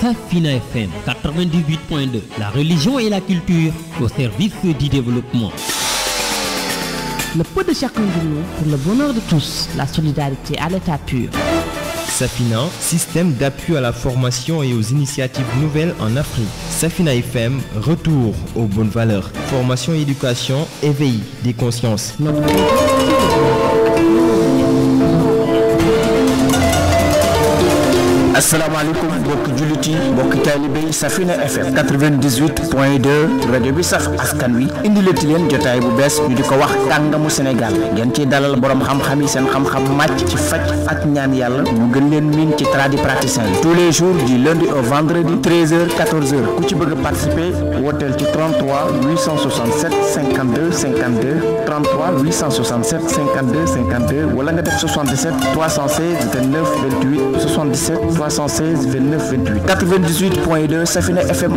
Safina FM 98.2, la religion et la culture au service du développement. Le poids de chacun de nous pour le bonheur de tous, la solidarité à l'état pur. Safina, système d'appui à la formation et aux initiatives nouvelles en Afrique. Safina FM, retour aux bonnes valeurs. Formation et éducation, éveil des consciences. Assalamu alaikum mbokki jullit yi mbokki Safina FM 98.2, Radio 2 askan wi indilati leen bu wax Tangamu Sénégal ngeen ciy dalal borom xam-xam yi xam-xam màcc ci fajj ak ñaan Yalla ñu gën leen min ci tous les jours du lundi au vendredi 13h 14h ku ci bëgg participer wotel ci 33 867 52 52 33 867 52 52 wala nga def 77 316 29 28 77 316 29 98 Safina FM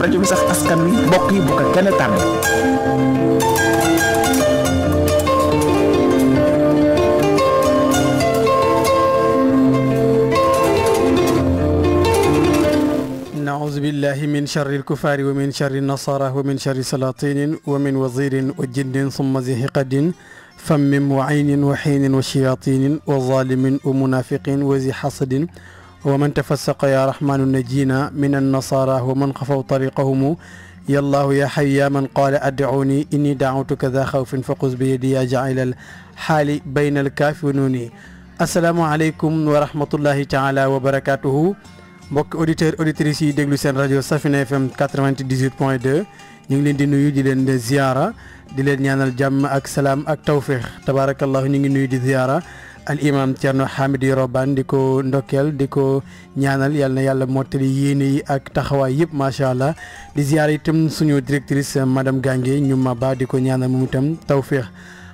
أعوذ بالله من شر الكفار ومن شر النصارى ومن شر سلاطين ومن وزير وجن ثم ذي حقد فم وعين وحين وشياطين وظالم ومنافق وذي حصد ومن تفسق يا رحمن نجينا من النصارى ومن خفوا طريقهم يا الله يا حي يا من قال أدعوني إني دعوتك ذا خوف فقز بيدي يا جعل الحال بين الكاف ونوني السلام عليكم ورحمة الله تعالى وبركاته بوك أوديتر أوديتريسي دغلو سين راديو سافين اف ام 98.2 نيغي لين دي نويو دي لين زياره دي لين نيانال جام اك سلام اك توفيق تبارك الله نيغي نويو دي زياره al imam Thierno Hamidou Roban di ko ndokkeel di ko ñaanal yal na yàlla mottali yéene yi ak taxawaay yëpp macha allah di ziar itam suñu directrice madame Gange ñu Maba di ko ñaanal mu itam tawféex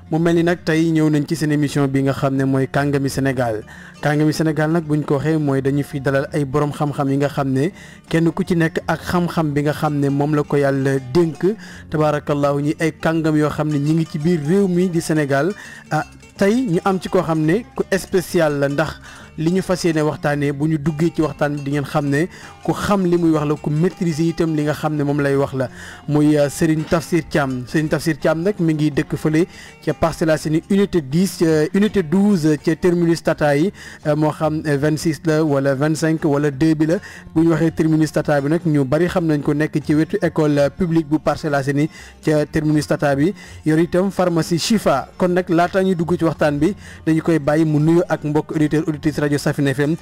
mu mel ni nag tey ñëw nañ ci seen émission bi nga xam ne mooy kàngami Sénégal kàngami Sénégal nag buñ ko waxee mooy dañu fi dalal ay borom xam-xam yi nga xam ne kenn ku ci nekk ak xam-xam bi nga xam ne moom la ko yàlla dénk tabaarakallaahu ñi ay kàngam yoo xam ne ñi ngi ci biir réew mi di Sénégal ah, tey ñu am ci koo xam ne ku spécial la ndax li ñu fas yéene waxtaanee bu ñu duggee ci waxtaan bi di ngeen xam ne ku xam li muy wax la ku maîtriser itam li nga xam ne moom lay wax la muy euh, Serigne Tafsir Thiam Serigne Tafsir Thiam nag mi ngi dëkk fële ca Parcelles Assainies unité 10 euh, unité 12 ca terminus Tata yi euh, moo xam 26 la wala 25 wala 2 bi la bu ñu waxee terminus Tata bi nag ñu bari xam nañ ko nekk ci wetu école publique bu Parcelles Assainies ca terminus Tata bi yor itam pharmacie Chifa kon nag laata ñuy dugg ci waxtaan bi dañu koy bàyyi mu nuyu ak mbokk auditeurs auditrices راديو صافي اف ام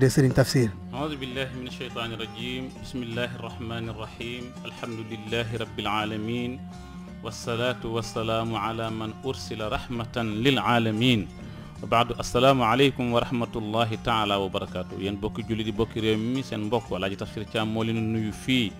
98.2 سيرين تفسير اعوذ بالله من الشيطان الرجيم بسم الله الرحمن الرحيم الحمد لله رب العالمين والصلاة والسلام على من أرسل رحمة للعالمين وبعد السلام عليكم ورحمة الله تعالى وبركاته ين جولي دي بوك ريمي سين بوك لاجي تفسير تام نيو في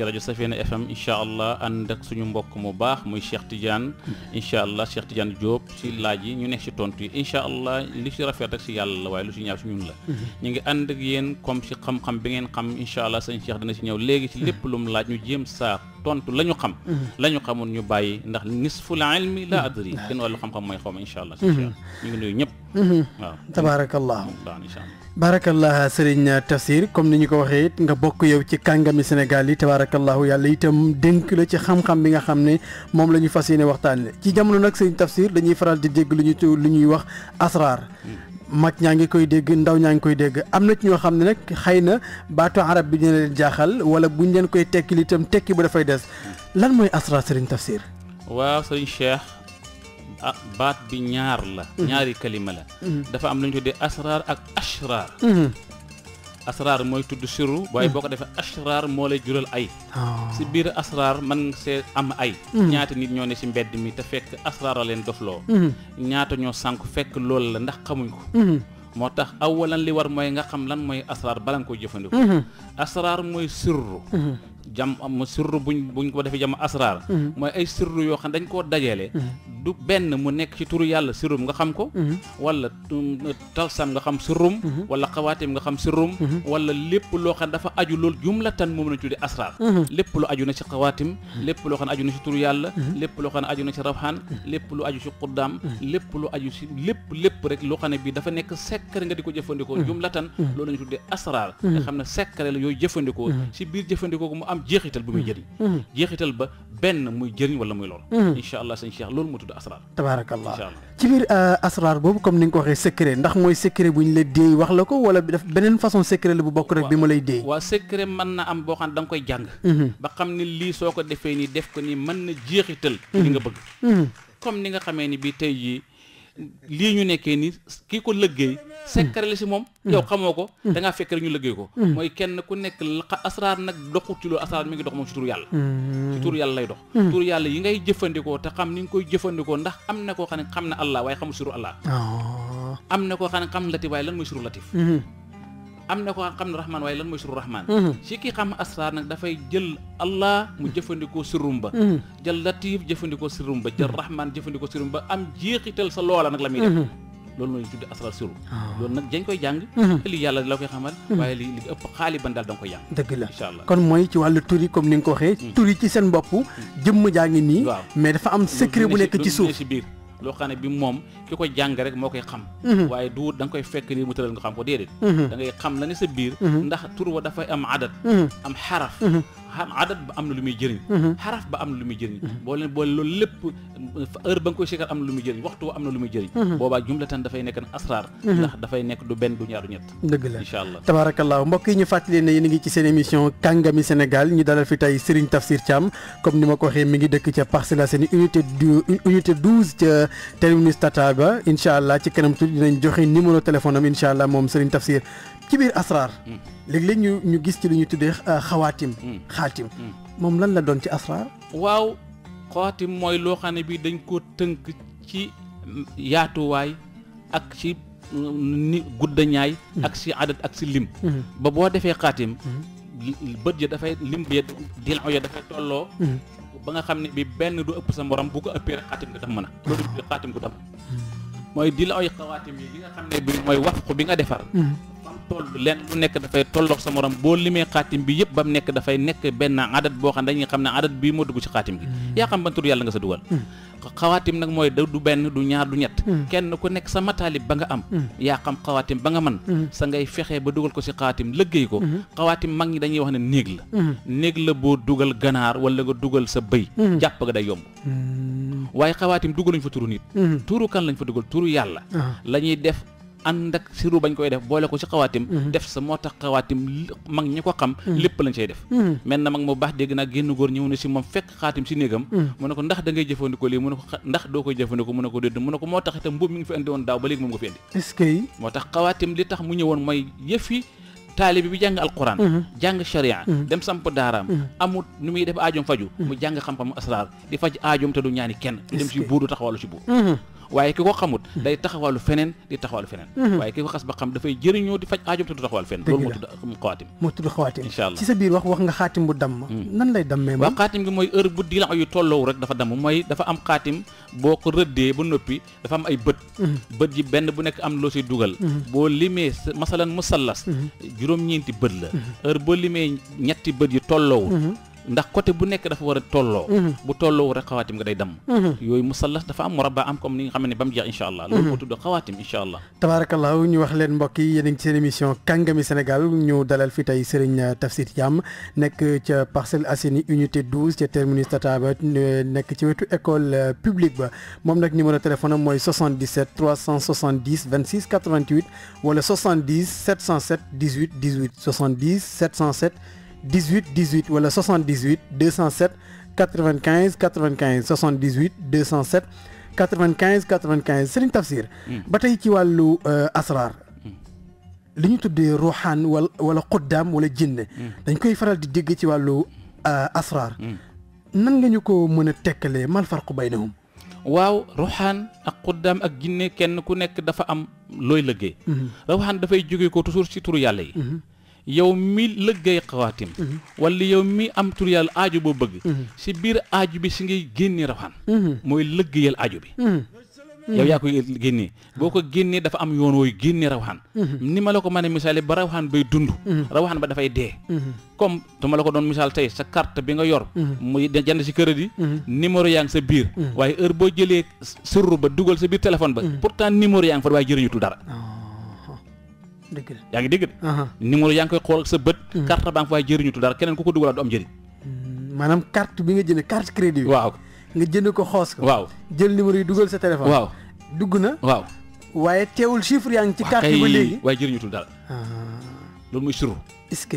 ci rajo Safina FM incha allah ànd ak suñu mbokk mu baax muy Cheikh Tidiane mm-hmm. incha allah Cheikh Tidiane Diop si laaj yi ñu nekk si tontu yi incha allah li si rafet rek si yàlla la waaye lu si ñaaw si ñun la mm-hmm. ñu ngi ànd ak yéen comme si xam-xam bi ngeen xam incha allah sañ Cheikh dina si ñëw léegi si lépp lu mu laaj ñu jéem saa tontu la ñu xam mm-hmm. lañu ñu ñu bàyyi ndax nisful ilmi la adri kenn wàllu xam-xam mooy xaw ma incha allah ñu ngi nuyu ñëpp waaw tabaarakallah barakallah sëriñ Tafsir comme ni ñu ko waxe it nga bokk yow ci kàngami Sénégal yi tabarakallahu yàlla itam dénk la ci xam-xam bi nga xam ne moom la ñu fas yéene waxtaanee ci jamono nag sëriñ Tafsir dañuy faral di dégg lu ñu lu ñuy wax asrar mag ñaa ngi koy dégg ndaw ñaa ngi koy dégg am na ci ñoo xam ne nag xëy na baatu arab bi dina leen jaaxal wala buñ leen koy tekki itam tekki ba dafay des lan mooy asrar sëriñ Tafsir. waaw sëriñ Cheikh. ah baat bi ñaar la mhm. ñaari kalima la mhm. dafa am lu ñu tuddee asraar ak ashraar mhm. asraar mooy tudd siru waaye boo ko defee asraar moo lay jural ay ah. si biir asraar mën nga see am ay ñaata nit ñoo ne si mbedd mi te fekk asraar a leen dofloo ñaata ñoo sank fekk loolu la ndax xamuñu ko moo tax awalan li war mooy nga xam lan mooy asraar bala nga koy jëfandikoo asraar mooy sirru jam am sirru buñ buñ ko defee jam asraar mhm. mooy ay sirru yoo xam dañ koo dajale mhm. du benn mu nekk ci turu yàlla sirrum nga xam ko mhm. wala talsam nga xam sirrum wala xawaatim nga xam sirrum wala lépp loo xam dafa aju loolu jumlatan moom la ñu tuddee asraar lépp lu aju na ci xawaatim lépp loo xam aju na ci turu yàlla lépp loo xam aju na ci rawxaan lépp lu aju ci xuddaam lépp lu aju ci lépp lépp rek loo xam ne bii dafa nekk sekkare nga di ko jëfandikoo jumlatan loolu la ñu tuddee asraar nga xam ne sekkare la yooyu jëfandikoo ci biir jëfandikoo ko mu am am jeexital bu muy hmm. jëriñ hmm. Hmm. jeexital ba benn muy jëriñ wala muy lool incha allah sëñ Cheikh loolu moo tudd asrar tabaarakallah ci biir euh, asrar boobu comme ni nga ko waxee secret ndax mooy secret bu ñu la déey wax la ko wala daf beneen façon secret la bu bokk rek bi ma lay déey waaw secret mën na am boo xam ne da nga koy jàng ba xam ne lii soo ko defee nii def ko nii man na jeexital li nga bëgg comme ni nga xamee ni bi tey jii lii ñu nekkee ni kii ko sekkare la si moom hmm. yow xamoo ko hmm. da ngaa fekk rek ñu liggéey ko hmm. mooy kenn ku nekk asraar nag doxut ci loolu asraar mi ngi dox moom si tur yàlla si tur yàlla lay dox tur yàlla yi ngay jëfandikoo te xam ni nga koy jëfandikoo ndax am na koo xam ne xam na allah waaye xamul suru allah ah. am na koo xam ne xam latif waaye lan mooy suru latif am na ko xam ne rahmaan waaye lan mooy suru rahmaan si ki xam asraar nag dafay jël allah mu jëfandikoo sirum ba jël latif jëfandikoo sirum ba jël rahmaan jëfandikoo sirum ba am jeexital sa loola nag la muy def loolu mooy tudde asrar suru ah. loolu nag dañ koy jàng mhm. li yàlla la koy xamal mhm. waaye li li ëpp xaali ban daal da nga koy jàng dëgg la kon mooy ci wàllu tur yi comme ni nga ko waxee mhm. tur yi ci seen bopp jëmm jaa nii mais dafa am secret bu nekk ci suuf ci biir loo xam ne bi moom ki ko jàng rek moo koy xam waaye du da nga koy fekk ni mu tëral nga xam ko déedéet da ngay xam na ne sa biir ndax tur wa dafay am adat am xaraf xam adat ba am na lu muy jëriñ mhm. xaraf ba am na lu muy jëriñ mhm. boo leen boole loolu lépp heure ba nga koy sikkar am na lu muy jëriñ waxtu am na lu muy jëriñ mhm. boobaa jumlatan dafay nekk asraar ndax dafay nekk du benn du ñaar du ñett dëgg la incha allah tabaarakallaa mbokk yi ñu fàttali ne yéen a ngi ci seen émission kàngami Sénégal ñi dalal fi tey Serigne Tafsir Thiam comme ni ma ko waxee mi ngi dëkk ca Parcelles Assainies unité unité 12 ca terminus Tata ba incha allah ci kanam tuuti dinañ joxe numéro téléphone am allah moom Serigne Tafsir ci biir asraar hmm. léegi léeg ñu ñu gis ci li ñu tuddee euh, xawaatim hmm. xaatim hmm. moom lan la doon ci asraar waaw xawaatim mooy loo xam ne bi dañ ko tënk ci yaatuwaay ak ci ni gudda ñaay hmm. ak si adat ak si lim ba boo defee xaatim bët ya dafay lim ya dilon ya dafay tolloo ba nga xam ne bi benn du ëpp sa morom bu ko ëppee rek xaatim ko daf mën a ko daf mooy dilon yi xawaatim yi li nga xam ne bi mooy wax ko bi nga defar toll lenn lu nekk dafay tolloog sa morom boo limee xaatim bi yëpp ba mu nekk dafay nekk benn adat boo xam ne dañuy xam ne adat bii moo dugg ci xaatim gi hmm. yaa xam ban tur da hmm. du benn du ñaar du ñett hmm. kenn ku nekk sa mataalib ba nga am yaa xam xawaatim ba nga man sa ngay fexee ba dugal ko si xawaatim lëggéey ko xawaatim mag ñi dañuy wax ne néeg la néeg la boo dugal ganaar wala nga dugal sa bëy jàpp ga day yomb waaye xawaatim dugaluñ fa turu nit turu kan lañ fa dugal turu yàlla ah. lañuy def ànd ak siru bañ koy def boole ko ci xawaatim mhm. def sa moo tax xawaatim mag ñi ko xam mhm. lépp lañ cay def mhm. mel na mag mu baax dégg naa génn góor ñëw na si moom fekk xaatim si néegam mu ne ko ndax da ngay jëfandikoo lii mu ne ko ndax doo koy jëfandikoo mu ne ko dédd mu ne ko moo tax itam mbubb mi ngi fi andi woon daaw ba léegi moom nga fi andi est-ce que moo tax xawaatim li tax mu ñëwoon mooy yëfi taalibi bi jàng alquran jàng sharia dem samp daaraam amut nu muy def aajum faju mu jàng xam-xam asraar di faj aajum te du ñaani kenn dem si buur si buur waaye ki ko xamut day taxawalu feneen di taxawalu feneen mhm. waaye ki ko xas ba xam dafay jëriñoo di faj aajom te du taxawalu feneen loolu moo tudd xawaatim moo tudd xawaatim incha allah ci sa biir wax wax nga xaatim bu damm hmm. nan lay dammee waaw mooy heure bu di la yu tolloo rek dafa damm mooy dafa am xaatim boo ko rëddee ba noppi dafa am ay bët hmm. bët yi benn bu nekk am loo si dugal hmm. boo limee masalan musallas juróom-ñeenti bët la heure boo limee ñetti bët yi tolloowul ndax côté bu nekk dafa war a tolloo mhm. bu tolloo rek xawaatim nga day dam mhm. yooyu musallas dafa am murabba am comme ni nga xam ne ba mu jeex incha allah loolu moo mhm. tudd xawaatim incha allah tabarakallah ñu wax leen mbokk yi yéen ngi ci seen émission kàngami Sénégal ñu dalal fi tey Serigne euh, Tafsir Thiam nekk ca Parcelles Assainies unité 12 ca terminus Tata ba nekk ci wetu école euh, publique ba moom nag numéro téléphone am mooy 77 370 26 88 wala 70 707 18 18 70 707 18 18 wala 78 207 95 95 78 207 95 95 Serigne Tafsir. Hmm. ba tey ci wàllu euh, asrar li ñu de Rohan, wala wala xuddaam wala jinne hmm. dañ koy faral di dégg ci on euh, asraar. Hmm. nan nga ñu ko mëna tékkalé tekkalee mal farqu baynahum waaw ruuxaan ak xuddaam ak jinne kenn ku nekk dafa am looy lëggee. da fay joggé ko toujours ci turu yalla yi. yow mi lëggay xawaatim mhm. wala yow mi am tur yal aaju boo bëgg si mhm. bir aaju bi si ngay génne rawaan mhm. mooy lëggayal aaju bi yow yaa koy génnee boo ko dafa am yoon wooyu genni rawaan ni ma la ko mën a ba rawaan bay dund rawaan ba fay dé comme tu ma don misal tay sa carte bi nga yor muy jand si crédit numéro yang sa bir waye heure bo jëlé ba dugal sa bir téléphone ba pourtant numéro yang fa way jëriñu dara dëgg la yaa ngi dégg de numéro yaa ngi koy xool ak sa bët hmm. carte banque waaye jëriñutu dara keneen ku ko dugalaat du am jëriñ hmm, maanaam carte bi nga jënd carte crédit bi waaw nga jënd ko xoos ko waaw jël numéro yi dugal sa téléphone waaw dugg na waaw waaye teewul chiffre yaa ngi ci carte bi ba léegi waaye jëriñutul dara ah. loolu muy suru est-ce que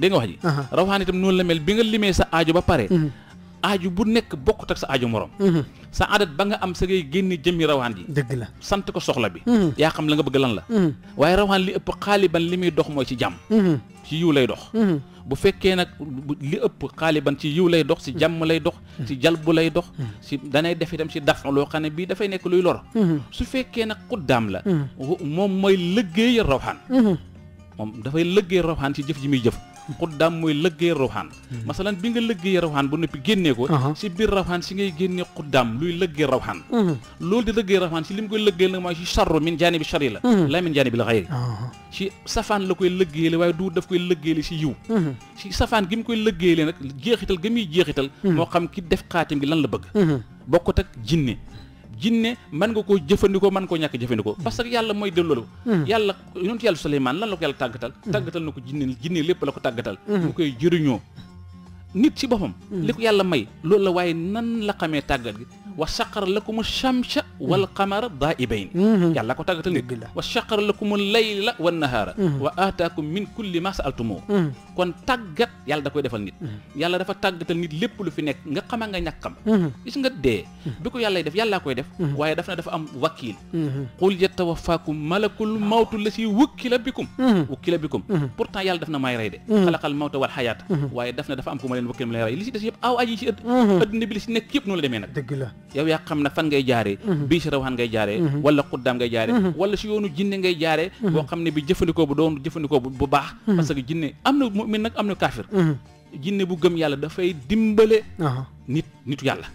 dégg nga wax ji rawaxaan itam noonu la mel bi nga limee sa aajo ba pare hmm. aju bu nek bokut ak sa aju morom mhm. sa adat ba nga am sa ngay genn jëmmi rawan di deug la sant ko soxla bi ya xam la nga bëgg lan la mhm. waye rawan li ëpp xaaliban limi dox moy ci jàmm ci yu lay dox bu fekke nak li ëpp xaaliban ci yu lay dox si jam lay dox si jalbu lay dox si danay def itam si daf lo xane bi da fay nek luy lor su fekke nak xuddaam la moom mooy liggéey mom da fay liggey rawan si jëf ji mi jëf xuddaam mooy lëggéey rawxaan hmm. masalan bi nga lëggéey rawxaan ba noppi génnee ko si uh-huh. biir rawxaan si ngay génnee xuddaam luy lëggéey rawxaan hmm. loolu di lëggee rawxaan si li mu koy lëggee nag mooy si charru min jaanibi charri la hmm. laa min jaanibi la xayri si uh-huh. safaan la koy lëggéeyale waaye du daf koy li si yiw si safaan gi mu koy lëggéeyale nag jeexital ga muy jeexital moo xam ki def xaatim gi lan la bëgg bokkut ak jinne jinne mën nga koo jëfandikoo mën koo ñàkk jëfandikoo hmm. parce que yàlla mooy delloo hmm. yàlla yonentu yàlla Suleymaan lan la ko yàlla tàggatal hmm. tàggatal na ko jinne jinne lépp la ko tàggatal bu koy jëriñoo nit ci boppam li ko yàlla may loolu la waaye nan la xamee tàggat wa saqara lakum ash-shamsa wal qamara daa'ibeen yàlla ko tàggatal nit wa saqara lakum al-layla wan nahaara wa aataakum min kulli ma sa'altumu kon tàggat yàlla da koy defal nit yàlla dafa tàggatal nit lépp lu fi nekk nga xama nga ñàkkam gis nga dee bi ko yàllay def yàllaa koy def waaye daf na dafa am wakiil qul yatawaffakum malakul mawtu lati wukkila bikum wukkila bikum pourtant yàlla daf na may rey de xalaqal mawta wal xayaata waaye daf na dafa am ku ma leen wukkil ma leen rey li si des yëpp aw aji si ëdd adduna bi li si nekk yëpp noonu la demee nag dëgg la yow yaa xam na fan ngay jaaree mhm. bii si rawaxaan ngay jaaree mhm. wala xuddaam ngay jaaree mhm. wala si yoonu jinne ngay jaaree boo xam ne bi jëfandikoo bu doon jëfandikoo bu baax parce que jinne am na mu'min nag am na kaafir jinne bu gëm yàlla dafay dimbale nit nitu yàlla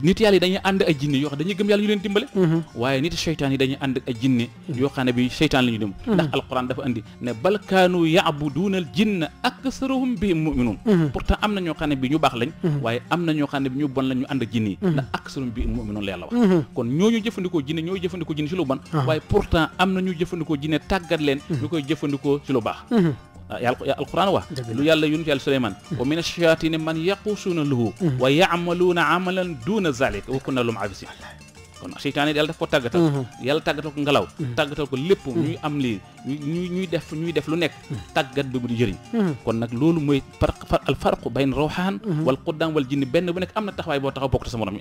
nit yàlla yi dañuy ànd ay jinne yoo xam dañuy gëm yàlla ñu leen dimbale mhm. waaye nit seytaan yi dañuy ànd ak ay jinne mhm. yoo xam ne bi seytaan la ñu dem mhm. ndax alquran dafa andi ne bal kaanu yaabuduuna al jinna aksaruhum bihim muminuun pourtant am na ñoo xam ne bi ñu baax lañ waaye am na ñoo xam ne ñu bon lañ ñu ànd ak jinne yi ndax aksaruhum bihim muminuun la yàlla wax kon ñooñu jëfandikoo jinne ñooy jëfandikoo jinne ci lu bon ah. waaye pourtant am na ñu jëfandikoo jinne tàggat leen ñu koy jëfandikoo ci lu baax القران واه لو يالا يون يال سليمان ومن الشياطين من يقوسون له ويعملون عملا دون ذلك وكنا لهم عابسين كون الشيطان يالا داكو تاغتا يالا تاغتاكو غلاو تاغتاكو ليب ني ام لي ني ني ديف ني ديف لو نيك تاغات بي بودي جيرين كون نك لولو موي فرق الفرق بين روحان والقدام والجن بن بو نيك امنا تخواي بو تخا بوك سمورم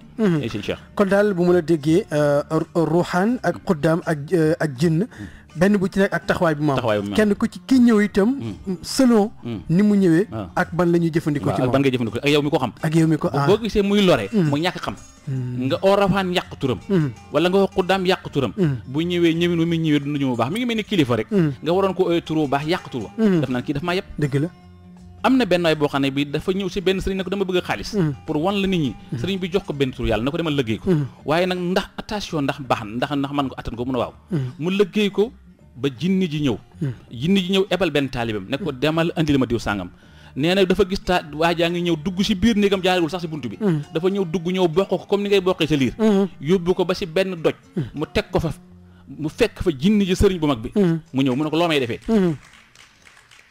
شيخ كون دال بو مولا ديغي آه، روحان اك قدام اك الجن آه، benn bu ci nekk ak taxawaay bu mu am kenn ko ci ki ñëw itam hmm. selon hmm. ni mu ñëwee ah. ak ban la ñuy jëfandikoo ci moom ak ban ngay jëfandikoo yow mi ko xam ak yow mi ko boo ah. gisee muy lore hmm. mu ñàkk xam nga oo rawaan yàq turam wala nga wax xuddaam yàq turam bu ñëwee ñëwin wu muy ñëwee dund ñu bu baax mi ngi mel ni kilifa rek nga waroon ko ooyee turu bu baax yàq turu daf naan kii daf maa yëpp dëgg la amna na way bo xane ne bi dafa ñew ci ben serigne ne dama bëgg xaalis mm. pour wan la nit ñi mm. serigne bi jox ko ben tour yalla na ko demal liggéey ko mm. waye nak ndax attention ndax bax ndax ndax man ko atane ko mëna a waaw mu leggey ko ba jinni ji ñew jinni ji ñew ebal ben talibam ne ko demal andil ma diw sangam neena dafa gis ta waa nga ñew dugg si biir negam jaarul sax ci buntu bi dafa ñew dugg ñew bokk ko comme ni ngay bokké sa lire yobbu ko ba ci ben doj mu tek ko fa mu fekk fa jinni ji serigne bu mag bi mu ñew mu ne ko may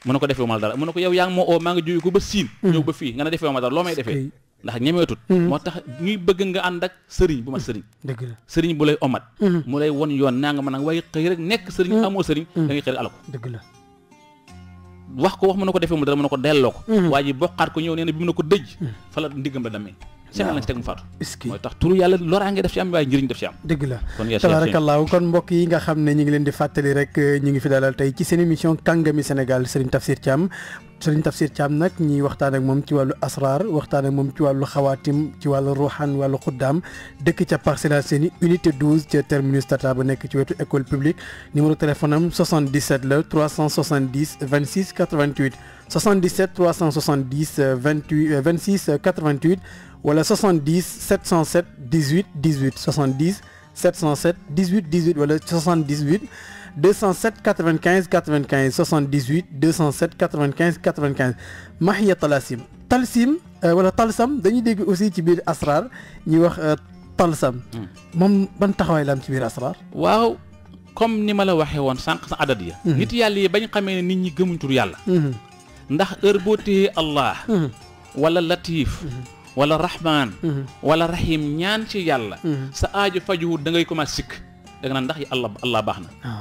mu a ko defee ma a mu ne ko yow yaa ngi moo oo maa ngi jóge ko ba siin hmm. ñëw ba fii nga ne defewu ma dara loo may defee ndax ñemeetut hmm. moo tax ñuy bëgg nga ànd ak sëriñ bu ma sëriñ dëgg la sëriñ bu lay omat hmm. mu lay won yoon naa nga mën a waaye xëy rek nekk sëriñ amoo sëriñ da ngay xëy rek alako dëgg la wax ko wax mu ne ko defee mu dara mu ne ko delloo ko waa ji bokkaat ko ñëw nee na bi mu ne ko dëj fa la ndiggam la demee Sénégal lañ si teg mu faatu mooy tax turu yalla lorangé def ci am waaye njëriñ def ci am deug la tabaarakallaahu kon mbokk yi nga xamné ñi ngi leen di fatali rek ñi ngi fi dalal tay ci seen émission Kangami Sénégal Serigne Tafsir Thiam Serigne Tafsir Thiam nak ñi waxtaan ak mom ci walu asrar waxtaan ak mom ci walu khawatim ci walu ruhan walu xuddaam dekk ci Parcelles Assainies unité 12 ci terminus tata ba nek ci wetu école publique numéro téléphone am 77 le 370 26 88 77 370 28 26 88 voilà 70 707 18 18 70 707 18 18 78 207 95 95 78 207 95 95 Mahia Talasim Talsim euh, voilà Talsam dañuy dégg aussi ci bir asrar ñi wax euh, Talsam. mom hmm. ban taxaway la ci asrar. comme ni ma la sa ya. Hmm. nit ne nit ñi gëmuñ tur hmm. ndax heure Allah. Latif. wala rahmaan mhm. wala rahim ñaan ci yàlla mhm. sa aajo fajuwut da ngay commencé sikk da nga naan ndax allah allah baax na ah.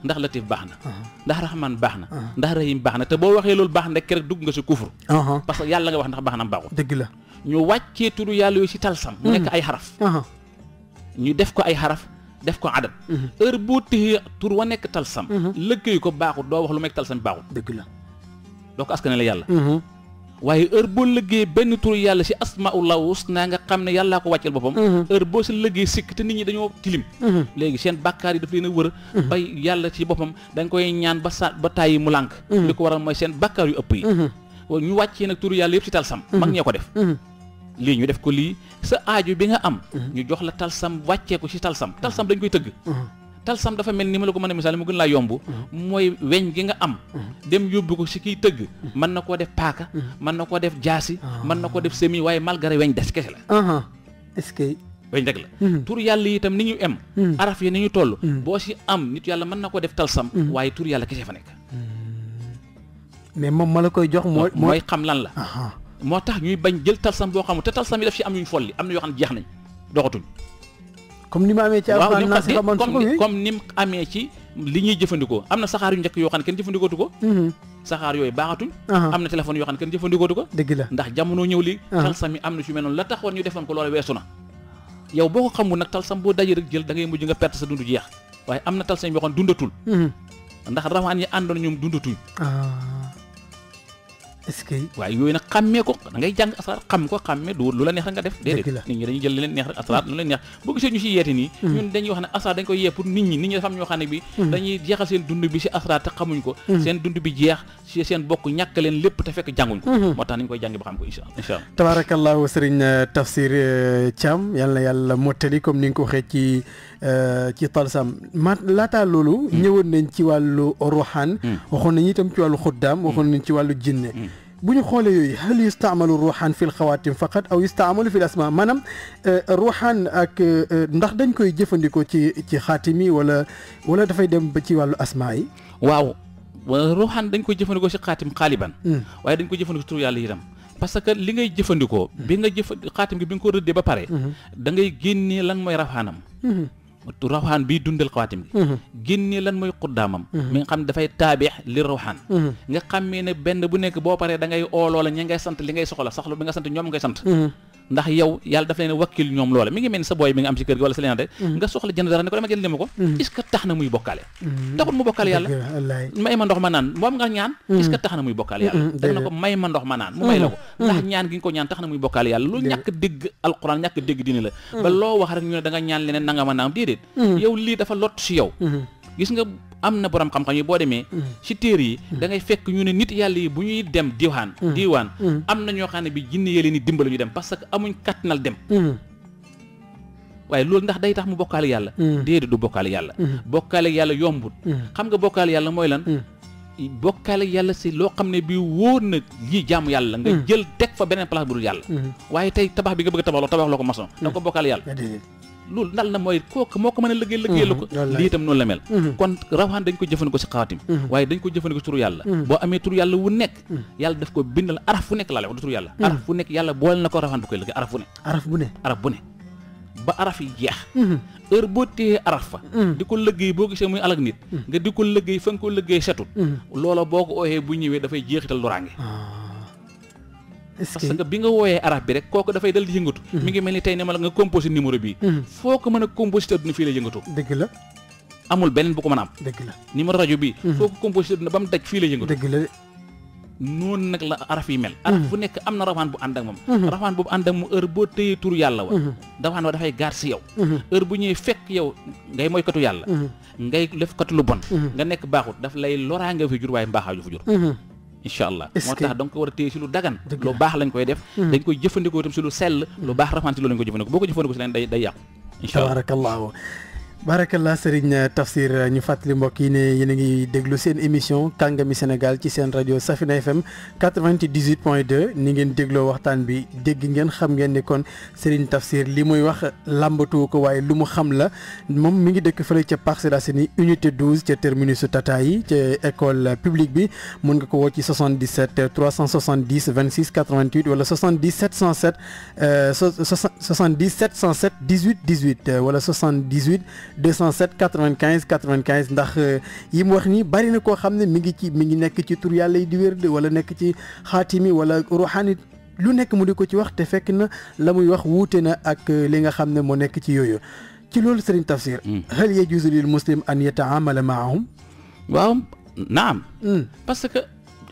ndax latif baax na ah. ndax rahmaan baax na ah. ndax rahim baax na te boo waxee loolu baax na rek dugg nga si kufur uh-huh. parce que yàlla nga wax ndax baax na baaxul dëgg la ñu wàccee turu yàlla yooyu si talsam mu nekk mhm. ay xaraf uh-huh. ñu def ko ay xaraf def ko adat heure boo téye tur wa nekk talsam lëggéey ko baaxut doo wax lu mekk talsam baaxut dëgg la doo ko askane yàlla waye heure boo liggéey benn tur yàlla si asmaullah usna nga xamné yalla ko wàcceel bopam mhm. heure bo si liggé sik te nit ñi dañoo tilim mhm. légui seen bakkar yi daf leena wër mhm. bay yalla ci bopam dang koy ñaan ba sa ba tàyyi mu lank liko waral moy seen bakkar yu ëpp yi ñu waccé nak tour yalla yëpp ci talsam mag ñeko def li ñu def ko li sa aaju bi nga am ñu jox la talsam waccé ko ci talsam talsam dañ koy tëgg talsam dafa mel ni ma la ko mën a misaal mu gën laa yomb mooy weñ gi nga am dem yóbbu ko si kiy tëgg mën na koo def paaka mën na koo def jaasi mën na koo def semi waaye malgré weñ des kese la est que weñ rek la hmm. tur yàlla itam ni ñu em hmm. araf yi ni ñu toll hmm. boo si am nit yàlla mën na koo def talsam waaye tur yàlla kese fa nekk mais moom ma la koy jox moo mooy xam lan la moo tax ñuy bañ jël talsam boo xamul te talsam yi daf si am yuñ folli am na yoo xam ne jeex nañ doxatuñ comme ni mu amee ci alxuraan naa si xamoon li ñuy jëfandikoo am na saxaar yu njëkk yoo xam ne kenn jëfandikootu ko mhm. saxaar yooyu baaxatul am na téléphone yoo xam ne kenn jëfandikootu ko dëgg la ndax jamono ñëw li talsam yi am na ci mel noonu la taxoon ñu defoon ko loolu weesu na yow boo ko xamul nag talsam boo dajee rek jël dangay ngay mujj nga perte sa dund jeex waaye am na talsam yoo xam ne dundatul mhm. ndax rawaan yi àndoon ñoom dundatuñ ah. est-ce que waaye yooyu nag xàmmee ko da ngay jang asraar xam ko xàmmee du lu la neex rek nga def déedéet nit ñi dañuy jël li leen neex rek asraar lu leen neex boo gisee ñu si yeete ni hmm. ñun dañuy wax ne asraar dañ koy yee pour nit ñi nit ñi dafa am ñoo xam ne bi hmm. dañuy jeexal seen dund bi si asraar te xamuñ ko hmm. seen dund bi jeex si seen bokk ñàkk leen lépp te fekk jànguñ ko moo tax koy jàngi ba xam ko incha allah tabarakallahu sëriñ euh, Tafsir euh, Thiam yàlla na yàlla mottali comme ni ko waxee ci Euh, ci talsam ma laataa loolu hmm. ñëwoon nañ ci wàllu ruuxaan hmm. waxoon nañ itam ci wàllu xuddaam hmm. waxoon nañ ci wàllu jinne bu ñu xoolee yooyu hal yustaamalu ruuxaan fil xawaatim faqat aw yustaamalu fil asma maanaam euh, ruuxaan ak euh, ndax dañ koy jëfandikoo ci ci xaatim yi wala wala dafay dem ba ci wàllu asma yi waaw ruuxaan dañ koy jëfandikoo si xaatim xaaliban waaye dañ koy jëfandikoo tur yàlla itam parce que li ngay jëfandikoo bi nga jëf xaatim gi bi nga ko rëddee ba pare da ngay génnee lan mooy rafaanam rawxaan biy dundal xawaatim gi mhm. génne lan mooy xuddaamam mhm. mi nga xam ne dafay taabix li rawxaan mhm. nga xammee ne benn bu nekk boo paree da ngay ooloo la ña ngay sant li ngay soxla soxla bi nga sant ñoom ngay sant ndax yow yàlla daf leen wakkil ñoom loola mi ngi mel ni sa booy bi nga am ci kër gi wala sa leen rek mm-hmm. nga soxla jënd dara ne ko dama jënd li ma ko mm-hmm. est-ce que tax na muy bokkaale mm-hmm. taxul mu bokkaale yàlla may ma ndox ma naan moom nga ñaan est tax na muy bokkaale yàlla na ko may ma ndox ma naan mu may la ko ndax ñaan gi nga ko ñaan tax na muy bokkaale yàlla loolu ñàkk dégg alquran ñàkk dégg diine la ba loo wax rek ñu ne da nga ñaan leneen nanga ma naam déedéet yow lii dafa lott si yaw gis nga amna borom xam-xam yu efek demé ci téré yi mm. da ngay fekk ñu né nit yalla yi bu ñuy dem diwan mm. diwan mm. amna ño xane bi jinn yi ni dimbal ñu dem parce que amuñ katnal dem waye lool ndax day tax mu bokkaale yalla déedéet du bokkaale yalla yalla yombut xam nga bokkaale yalla moy lan bokkaale yalla si lo xam bi woor na li jamm yalla nga jël tek fa benen place bu dul yalla waye tay tabax bi nga bëgg tabax lo tabax maçon da ko yalla loolu ndal na mooy kooku moo ko mën a liggéey liggéey la ko lii itam noonu la mel mhm. kon rawaan dañ ko jëfandikoo si xaatim mhm. waaye dañ ko jëfandikoo si turu yàlla mhm. boo amee turu yàlla wu nekk yàlla daf ko bind araf fu nekk laa lay wax du turu yàlla araf fu nekk yàlla boole na ko rawaan bu koy liggéey araf fu nekk araf bu ne araf bu ne ba araf yi jeex heure boo téyee araf fa di ko lëggéey boo gisee muy alak nit nga di ko lëggéey fa nga ko lëggéey setut loola boo ko ooyee bu ñëwee dafay jeexital loraange ah. parce que bi nga arah arab bi rek kooku dafay dal di yëngatu mhm. mi ngi mel ni tey ne ma la nga composé numéro bi mhm. foo ko mën a composé la yëngatu dëgg la amul beneen bu ko mën a am dëgg la numéro rajo bi mhm. foo ko la yëngatu la la araf yi mel araf bu andang am na bu ànd ak moom rawaan boobu ànd ak moom heure boo téyee tur yàlla wa rawaan wa ikut gaar si yow heure bu ñëwee fekk yow ngay moykatu yàlla ngay def katu lu bon nga daf lay fi jur jur incha allah moo tax da nga ko war a téye si lu dagan lu baax lañ koy def hmm. dañ koy jëfandikoo itam si lu sell lu baax rafaan si loolu lañ ko jëfandikoo boo ko jëfandikoo si leen day yàqu barakallah Serigne Tafsir ñu fatali mbokk yi ne yéen ngi déglu seen émission kangami Sénégal ci seen radio Safina FM 98.2, point 2 ni ngeen dégloo waxtaan bi dégg ngeen xam ngeen ni kon Serigne Tafsir li muy wax lambatu ko waaye lu mu xam la moom mi ngi dëkk fële ca unité 12 ca terminus Tata yi ca école publique bi mun nga ko woo ci 77 370 26 88 wala 70 707 70 707 18 18 wala 78. 207 95 95 ndax yi mu wax ni bari na koo xam ne mi ngi ci mi ngi nekk ci tur yàlla yi di wér wala nekk ci xaatimi wala ruuxaani lu nekk mu di ko ci wax te fekk na la muy wax wuute na ak li nga xam ne moo nekk ci yooyu ci loolu sëriñ tafsir hal yajuzu lil muslim an yataamala maahum waaw naam parce que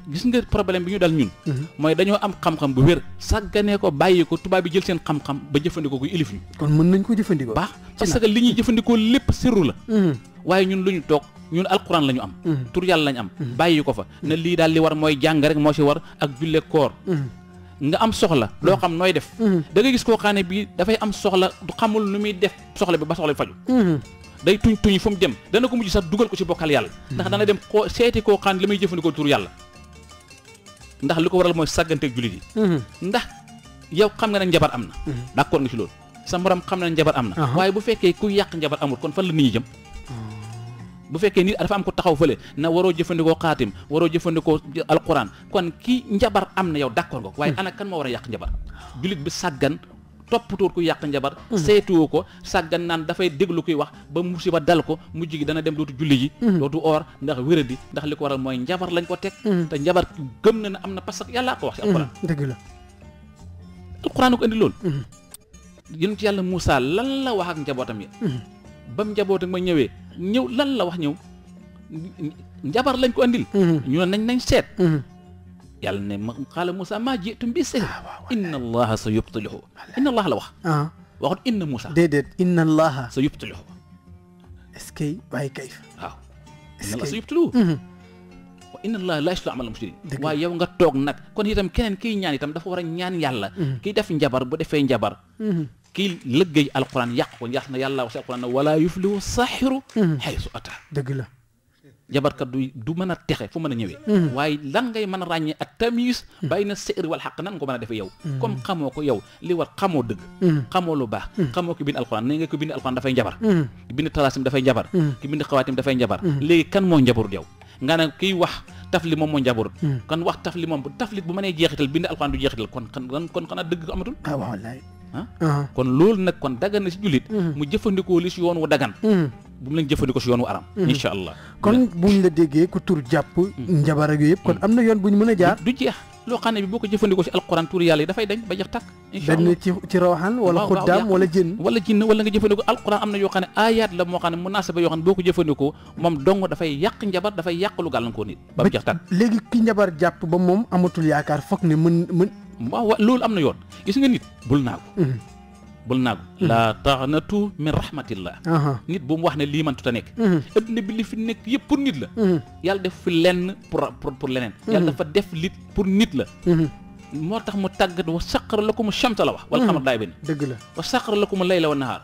gis nga problème bi ñu dal ñun moy mhm. dañu am xam-xam bu wër sagane ko bayyi ko tuba bi jël seen xam-xam ba jëfëndiko ko ilif ñu kon mën nañ ko jëfëndiko baax ci que li ñi jëfëndiko lepp sirru la mhm. waye ñun luñu tok ñun alquran mhm. lañu am tur yalla lañu am bayyi ko fa na li dal li war moy jang rek mo ci war ak julle koor nga am soxla lo xam noy def da nga gis ko xane bi da fay am soxla du xamul nu muy def soxla bi ba soxla faju day tuñ tuñ fu mu jëm dana ko mujj sax dugal ko ci bokal yalla ndax dana dem ko seeti ko xane limay jëfëndiko tur yalla ndax li ko waral mooy sàgganteeg jullit yi mhm. ndax yow xam nga ne njabar am na mhm. d'accord nga si loolu sa morom xam na ne njabar am na uh-huh. waaye bu fekkee ku yàq njabar amul kon fan la nit ñi jëm oh. bu fekkee nit dafa am ko taxaw fële na waroo jëfandikoo xaatim waroo jëfandikoo alquran kon kii njabar am na yow d'accord nga waaye hmm. ana kan moo war a yàq njabar jullit bi sàggan toppatoo ku yàq njabar mhm. seetuwu ko sàggan naan dafay déglu kuy wax ba musiba dal ko mujj gi dana dem dootu julli ji mhm. dootu oor ndax wéradi ndax li ko waral mooy njabar lañ ko teg mhm. te njabar gëm na ne am na parce que yàllaa ko wax ci alquran dëgg la alquran yàlla Moussa lan la wax ak njabootam yi ba mu ma ñëwee ñëw lan la wax ñëw njabar lañ ko andil ñu ne nañ nañ seet yàlla ne ma xaala Moussa maa jiitum bi sihr inna allaha sa yubtiluhu inna allaha la wax waxut inna Moussa déedéet inna allaha sa yubtiluhu est-ce que bàyyi kayf waaw inna allaha sa yubtiluhu wa inna allaha la yashlu amal mushrikin waaye yow nga toog nag kon itam keneen kiy ñaan itam dafa war a ñaan yàlla kiy def njabar bu defee njabar kiy lëggéey alquran yàq ko ndax na yàlla wax si alquran ne wala yuflihu saxiru xaysu ata dëgg la jabarkat du du mën a texe fu mën a ñëwee mm-hmm. waaye lan ngay mën a ràññee ak tamis mm-hmm. bàyyi na séer wal xaq nan ko mën a defee yow mm-hmm. comme xamoo ko yow li war xamoo dëgg xamoo lu baax xamoo ki bind alxuraan ne nga ko bind alxuraan dafay jabar ki bind talaasim dafay njabar ki bind xawaatim dafay njabar léegi kan moo njabarut yow nga ne kiy wax tafli moom moo njabarut kan wax tafli moom taflit bu mënee jeexital bind alxuraan du jeexital kon kon kon xanaa dëgg ko amatul ah, ah uh-huh. kon loolu nag kon dagan na si jullit mm-hmm. mu jëfandikoo li si yoon wu dagan bu mu leen jëfandikoo si yoon wu aram mm-hmm. incha allah kon buñ la déggee ku tur jàpp mm-hmm. njabar ak yooyu yëpp kon am na yoon bu ñu mën a jaar du jeex xam ne boo ko jëfandikoo si alquran tuur yàlla yi dafay dañ ba jeex tàkk incha allah dañ ci ci rawaxaan wala xuddaam wala jinn wala jinn wala nga jëfandikoo alquran am na yoo xam ne aayaat la moo xam ne munaasaba yoo xam ne boo ko jëfandikoo moom dong dafay yàq njabar dafay yàq lu gàllankoor nit jàpp ba amatul yaakaar foog ne mën mën waaw loolu am na yoon gis nga nit bul naagu mhm. bul naagu mhm. laa taxnatu min rahmatillah nit bu mu wax ne lii man tuta nekk mhm. adduna bi li fi nekk yëpp pour nit la yàlla def fi lenn pour pour leneen yàlla dafa def lit pour nit la moo tax mu tàggat wa saqara la ko mu chamta la wax wala xamar daay benn dëgg la wa saqara la ko mu lay la wa nahaar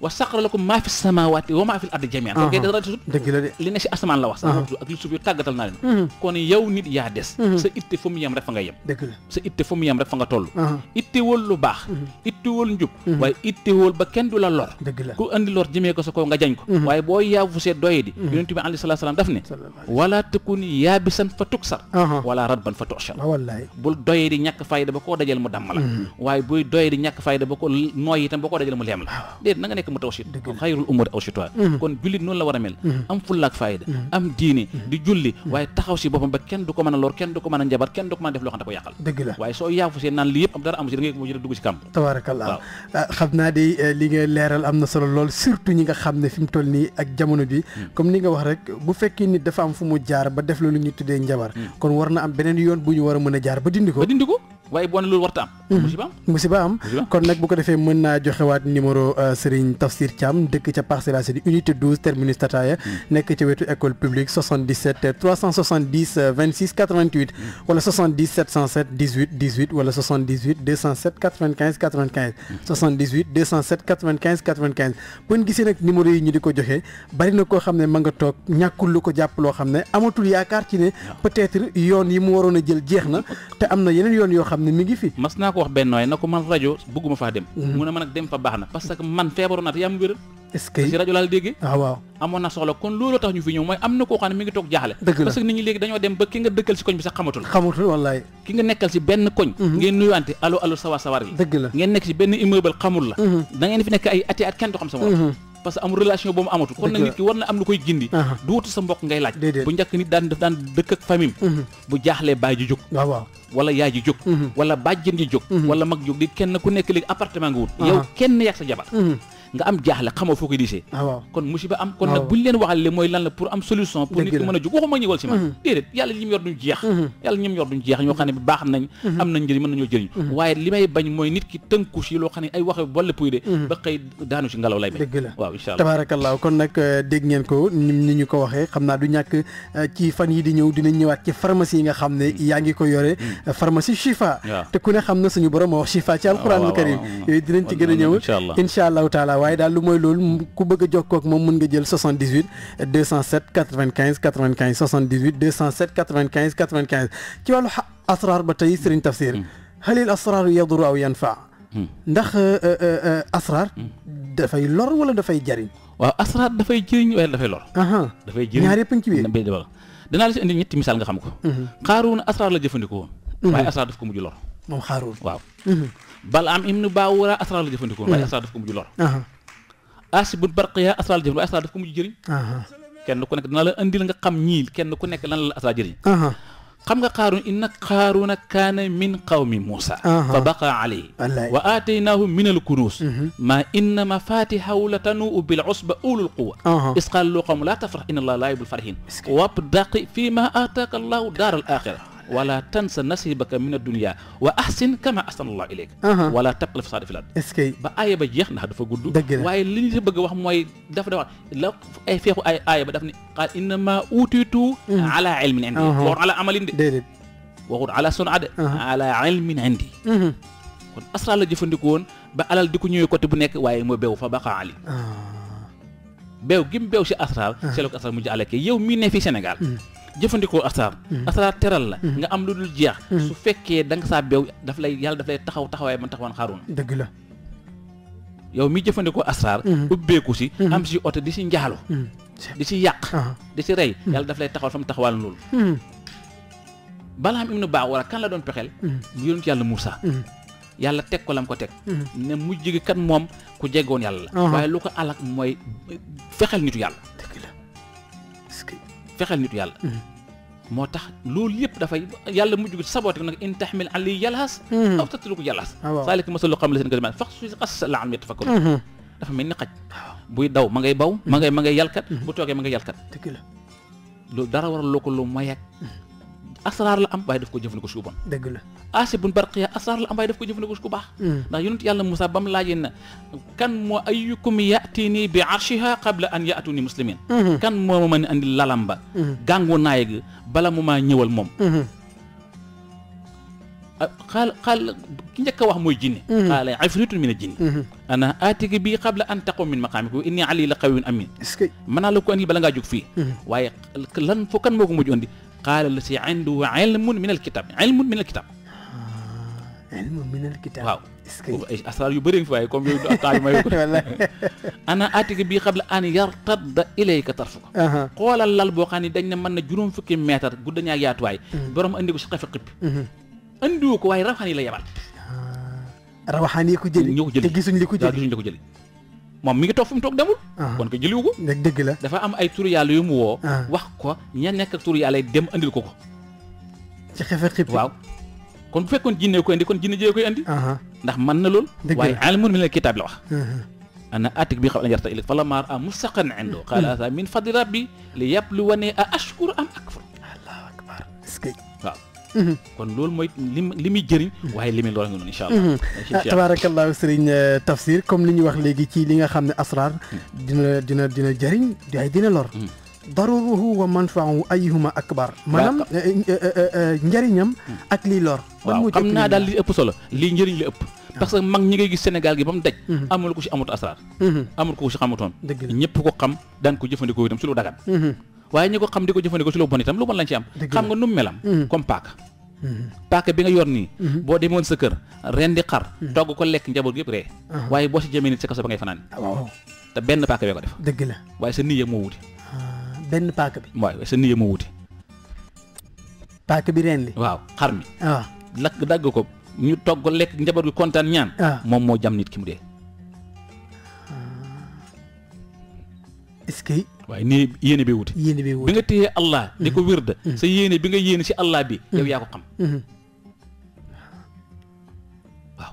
wa saqara lakum ma fi samawati wa ma fi ardi jami'an ko gëdë rat sut dëgg la dé li ne si asman la wax sax ak li suuf yu tàggatal naa leen kon yow nit ya dess sa itté fu mu yam rek fa nga yem dëgg la sa itte fu mu yam rek fa nga tollu itte wol lu bax itte wol njub waaye itté wol ba kenn du la lor dëgg la ku andi lor jëmee ko sa ko nga jañ ko ya fu sé doye di yonent bi alayhi wasallam daf ne wala takun yaabisan fa tuksar wala radban fa tuksar wallahi bul doye di ñak fayda ba ko dajal mu dam la waaye boy doye di ñak fayda ba ko noy itam ba ko dajal mu lem la déet na nga nek mu taw sit kon jullit noonu la war a mel mm-hmm. am fullaak faayda mm-hmm. am diine mm-hmm. di julli waaye taxaw si boppam ba kenn du ko mën a lor kenn du ko mën a njabar kenn du ah, naa di eh, li leeral am na solo lool surtout ñi nga xam ne fi mu toll nii ak jamono bi mm. comme ni nga wax rek bu fekkee nit dafa am fu mu jaar ba def loolu ñu tuddee njabar mm. kon war na am beneen yoon bu ñu war a mën a jaar ba dindi ko ba dindi ko waaye bon. ne loolu warta hmm. am musiba am musiba am kon nag bu ko defee mën naa joxewaat numéro euh, Serigne Tafsir Thiam unité 12 terminus Tataaya hmm. nekk ca wetu école publique 77 370 26 88 le 70 707 18 18 le 78 207 95 95 78 207 95 95 pour ñu gisee numéro yi ñu di ko joxe bari na koo xam ne ma nga lu ko peut-être yoon yi mu waroon jël jeex na te yeneen yoon xam ne mi ngi fi mas naa ko wax benn waay na ko man rajo bëgguma faa dem mhm. mu ne man ak dem fa baax na parce que man feebaroon naa te yaa ma wéral est si rajo laal déggee ah, amoon na soxla kon looloo tax ñu fi ñëw mooy am na koo xam ne mi ngi toog jaaxle parce que nit ñi léegi dañoo dem ba ki nga dëkkal si koñ bi sax xamatul xamatul wallaay ki nga nekkal si benn koñ mhm. ngeen nuyuwante alo alo sawar sawar gi dëgg la ngeen nekk si benn immeuble xamul la mhm. da ngeen at parce que am relation boobu amatul kon nag nit ki war na am lu koy gindi du wutu sa mbokk ngay laaj bu njëkk nit daan daan dëkk ak famille mhm. bu jaaxlee baay ji jóg waaw wala yaay ji jóg mhm. wala bàjjen ji jóg mhm. wala mag jóg di kenn ku nekk léegi appartement nga wut yow kenn yàgg sa jabar nga am jaaxle xamoo foo koy diisee ah, kon musiba am kon ah, nag buñ leen waxal li mooy lan la pour am solution pour nit ku mën a jóg waxuma ñëwal si man mhm. déedéet yàlla ñi mu yor duñ jeex mhm. yàlla ñi mu xam ne baax nañ mhm. am nañ njëriñ mën nañoo jëriñ waaye li may nit ki tënku si loo xam ne ay waxe bolle puy de ba xëy daanu si ngelaw lay bañ dëgg kon nag euh, dégg ngeen ko ni ñu ko waxee xam naa du ñàkk euh, ci fan yi di ñëw dinañ ñëwaat ci pharmacie yi nga xam ne yaa ngi ko yore euh, pharmacie Chifa te ku ne xam na suñu borom moo wax Chifa ci alquran al ah, karim yooyu a waaye daal lu mooy loolu ku bëgg a jokkoo ak moom mën nga jël 78 207 95 95 78 207 95 95 ci wàllu asraar ba tey Serigne Tafsir. xalil asraar yaduru aw yanfa ndax asraar. dafay lor wala dafay jariñ. waaw asraar dafay jëriñ waaye dafay lor. dafay jëriñ ñaar yëpp ci biir dana la si indi ñetti misaal nga xam ko. xaaruun asraar la jëfandikoo woon. waaye asraar daf ko mujj lor. moom xaaruun waaw. بل أم إمن باورة أسرار الجفن تكون نعم. أي أسرار تكون جلور أسب برقية أسرار الجفن أسرار تكون جيرين كان نكون نكنا لا أندل نك كم نيل كان نكون نكنا لا أسرار جيرين كم قارون إن قارون كان من قوم موسى فبقى عليه وآتيناه من الكنوز ما إن مفاتيحه لتنوء بالعصبة أولو القوة إذ قال له قوم لا تفرح إن الله لا يب الفرحين وابدق فيما آتاك الله دار الآخرة ولا تنسى نصيبك من الدنيا واحسن كما احسن الله اليك ولا تقلف صار في الارض اسكي با اي با جيخنا دا فا غود واي لي نجي بغي واخ موي دا فا واخ لا اي فيخو اي اي با دافني قال انما اوتيت على علم عندي أه. على عمل عندي ديدي على صنعه أه. على علم عندي كون اسرا لا جيفنديكون با علال ديكو نيو كوتي بو نيك واي مو بيو فا بقى علي آه. بيو جيم بيو سي اسرا سي لوك اسرا مو جي عليك يو مي في سنغال أمم. jëfandikoo asaar hmm. asaar teral la hmm. nga am lu dul jeex hmm. su fekkee da nga saa beew daf lay yàlla daf lay taxaw taxawaay man taxawaan xaaruna dëgg la yow mi jëfandikoo asaar ubbeeku si am si oto di si njaalu di si yàq ah. di si rey yàlla daf lay taxawal fa mu taxawal nul balaam ibnu baax wala kan la doon pexel mu yonent yàlla yàlla teg ko lam ko teg ne mujj gi kat ku yàlla lu ko alak mooy fexel nitu yàlla fexeel nitu yàlla mm-hmm. moo tax loolu yëpp dafay yàlla mujj gi saboote ko nag in taxmil ali yalhas mm-hmm. aw tatruku yalhas saalika ah, masalu xam la seen gërëmaan fax su as la am yatafakkur mm-hmm. dafa mel ni xaj ah. buy daw ma ngay baw ma ngay yalkat bu toogee ma ngay yalkat dara waral loo ko lu mayek asraar la am waaye daf ko jëfandikoo si ku bon dëgg la aasi bun barqiya asraar la am waaye daf ko jëfandikoo si ku baax hmm. ndax yonent yàlla Moussa ba mu na kan moo ayukum yatini bi arshiha qabla an yatuni muslimin hmm. kan moo ma mën andi lalam ba hmm. gàngu naay gi bala mu maa ñëwal moom xaal xaal ki njëkk a wax mooy jinne xaala ifritun min a jinne ana aatiki bii qabla an taqum min maqaamika wa inni ali la qawiyyun amin mën naa la ko andi bala ngaa jóg fii waaye lan foo kan moo ko mujj قال التي عنده علم من الكتاب علم من الكتاب آه، علم من الكتاب واو اسرار يبرين فاي كوم ما انا اتيك بي قبل ان يرتد اليك طرفك قول الله بو دنج من جروم فك متر غود نيا يات واي بروم انديكو شي خف قب انديو واي رفاني لا يبال روحاني كو جيلي تي غيسون li ko jëli moom mi ngi toog fi mu toog demul ah. kon ko jëliwu ko dëgg la dafa am ay tur yàlla yu mu woo ah. wax ko ña nekk ak tur yàlla dem andil ko ko xefe xippi waaw kon bu fekkoon jinne ko indi kon jinne jee koy indi ndax man na lool waaye alimun min al kitaab la wax ana atik bi xam ne yarta ilik fala maar a mustaqan indo hmm. qaala asa min fadli rabbi li yabluwani a ashkur am akfur allahu Mhm. kon loolu mooy lim li muy jëriñ mhm. waaye limi lool nga noonu incha mhm. allah tabaarakallahu sëriñ euh, tafsir comme li ñu wax léegi ci li nga xam ne asrar dina dina dina jëriñ waaye dina lor daruruhu wa manfaahu ayuhuma akbar maanaam euh, euh, njariñam ak lii lor waaw xam naa daal li ëpp solo lii njëriñ li ëpp ah. parce que mag ñi ngay gis Sénégal gi ba mu daj amul ko ci amut asrar amul ko ci xamutoon ñëpp ko xam daan ko jëfandikoo itam su lu dagan waaye ñi ko xam di ko jëfandikoo si lu bon itam lu bon lañ ci am xam nga num melam mm-hmm. comme paaka mm-hmm. paaka bi nga yor nii mm-hmm. boo demoon sa kër ren di xar togg ko lekk njaboot yëpp ree ah. waaye boo si jëmee nit si kaso ba ngay ah, te benn paaka bee ko def dëgg la waaye sa niya moo ah, paaka bi sa niya moo bi ren li waaw xar mi waaw lakk dagg ko ñu togg lekk njaboot gi kontaan ñaan moom moo jam nit ki mu dee ini ni yéene bi wute yéene bi bi nga allah di ko mm-hmm. wirda mm-hmm. sa yéene bi nga ci allah bi mm-hmm. yow yaa ko xam waaw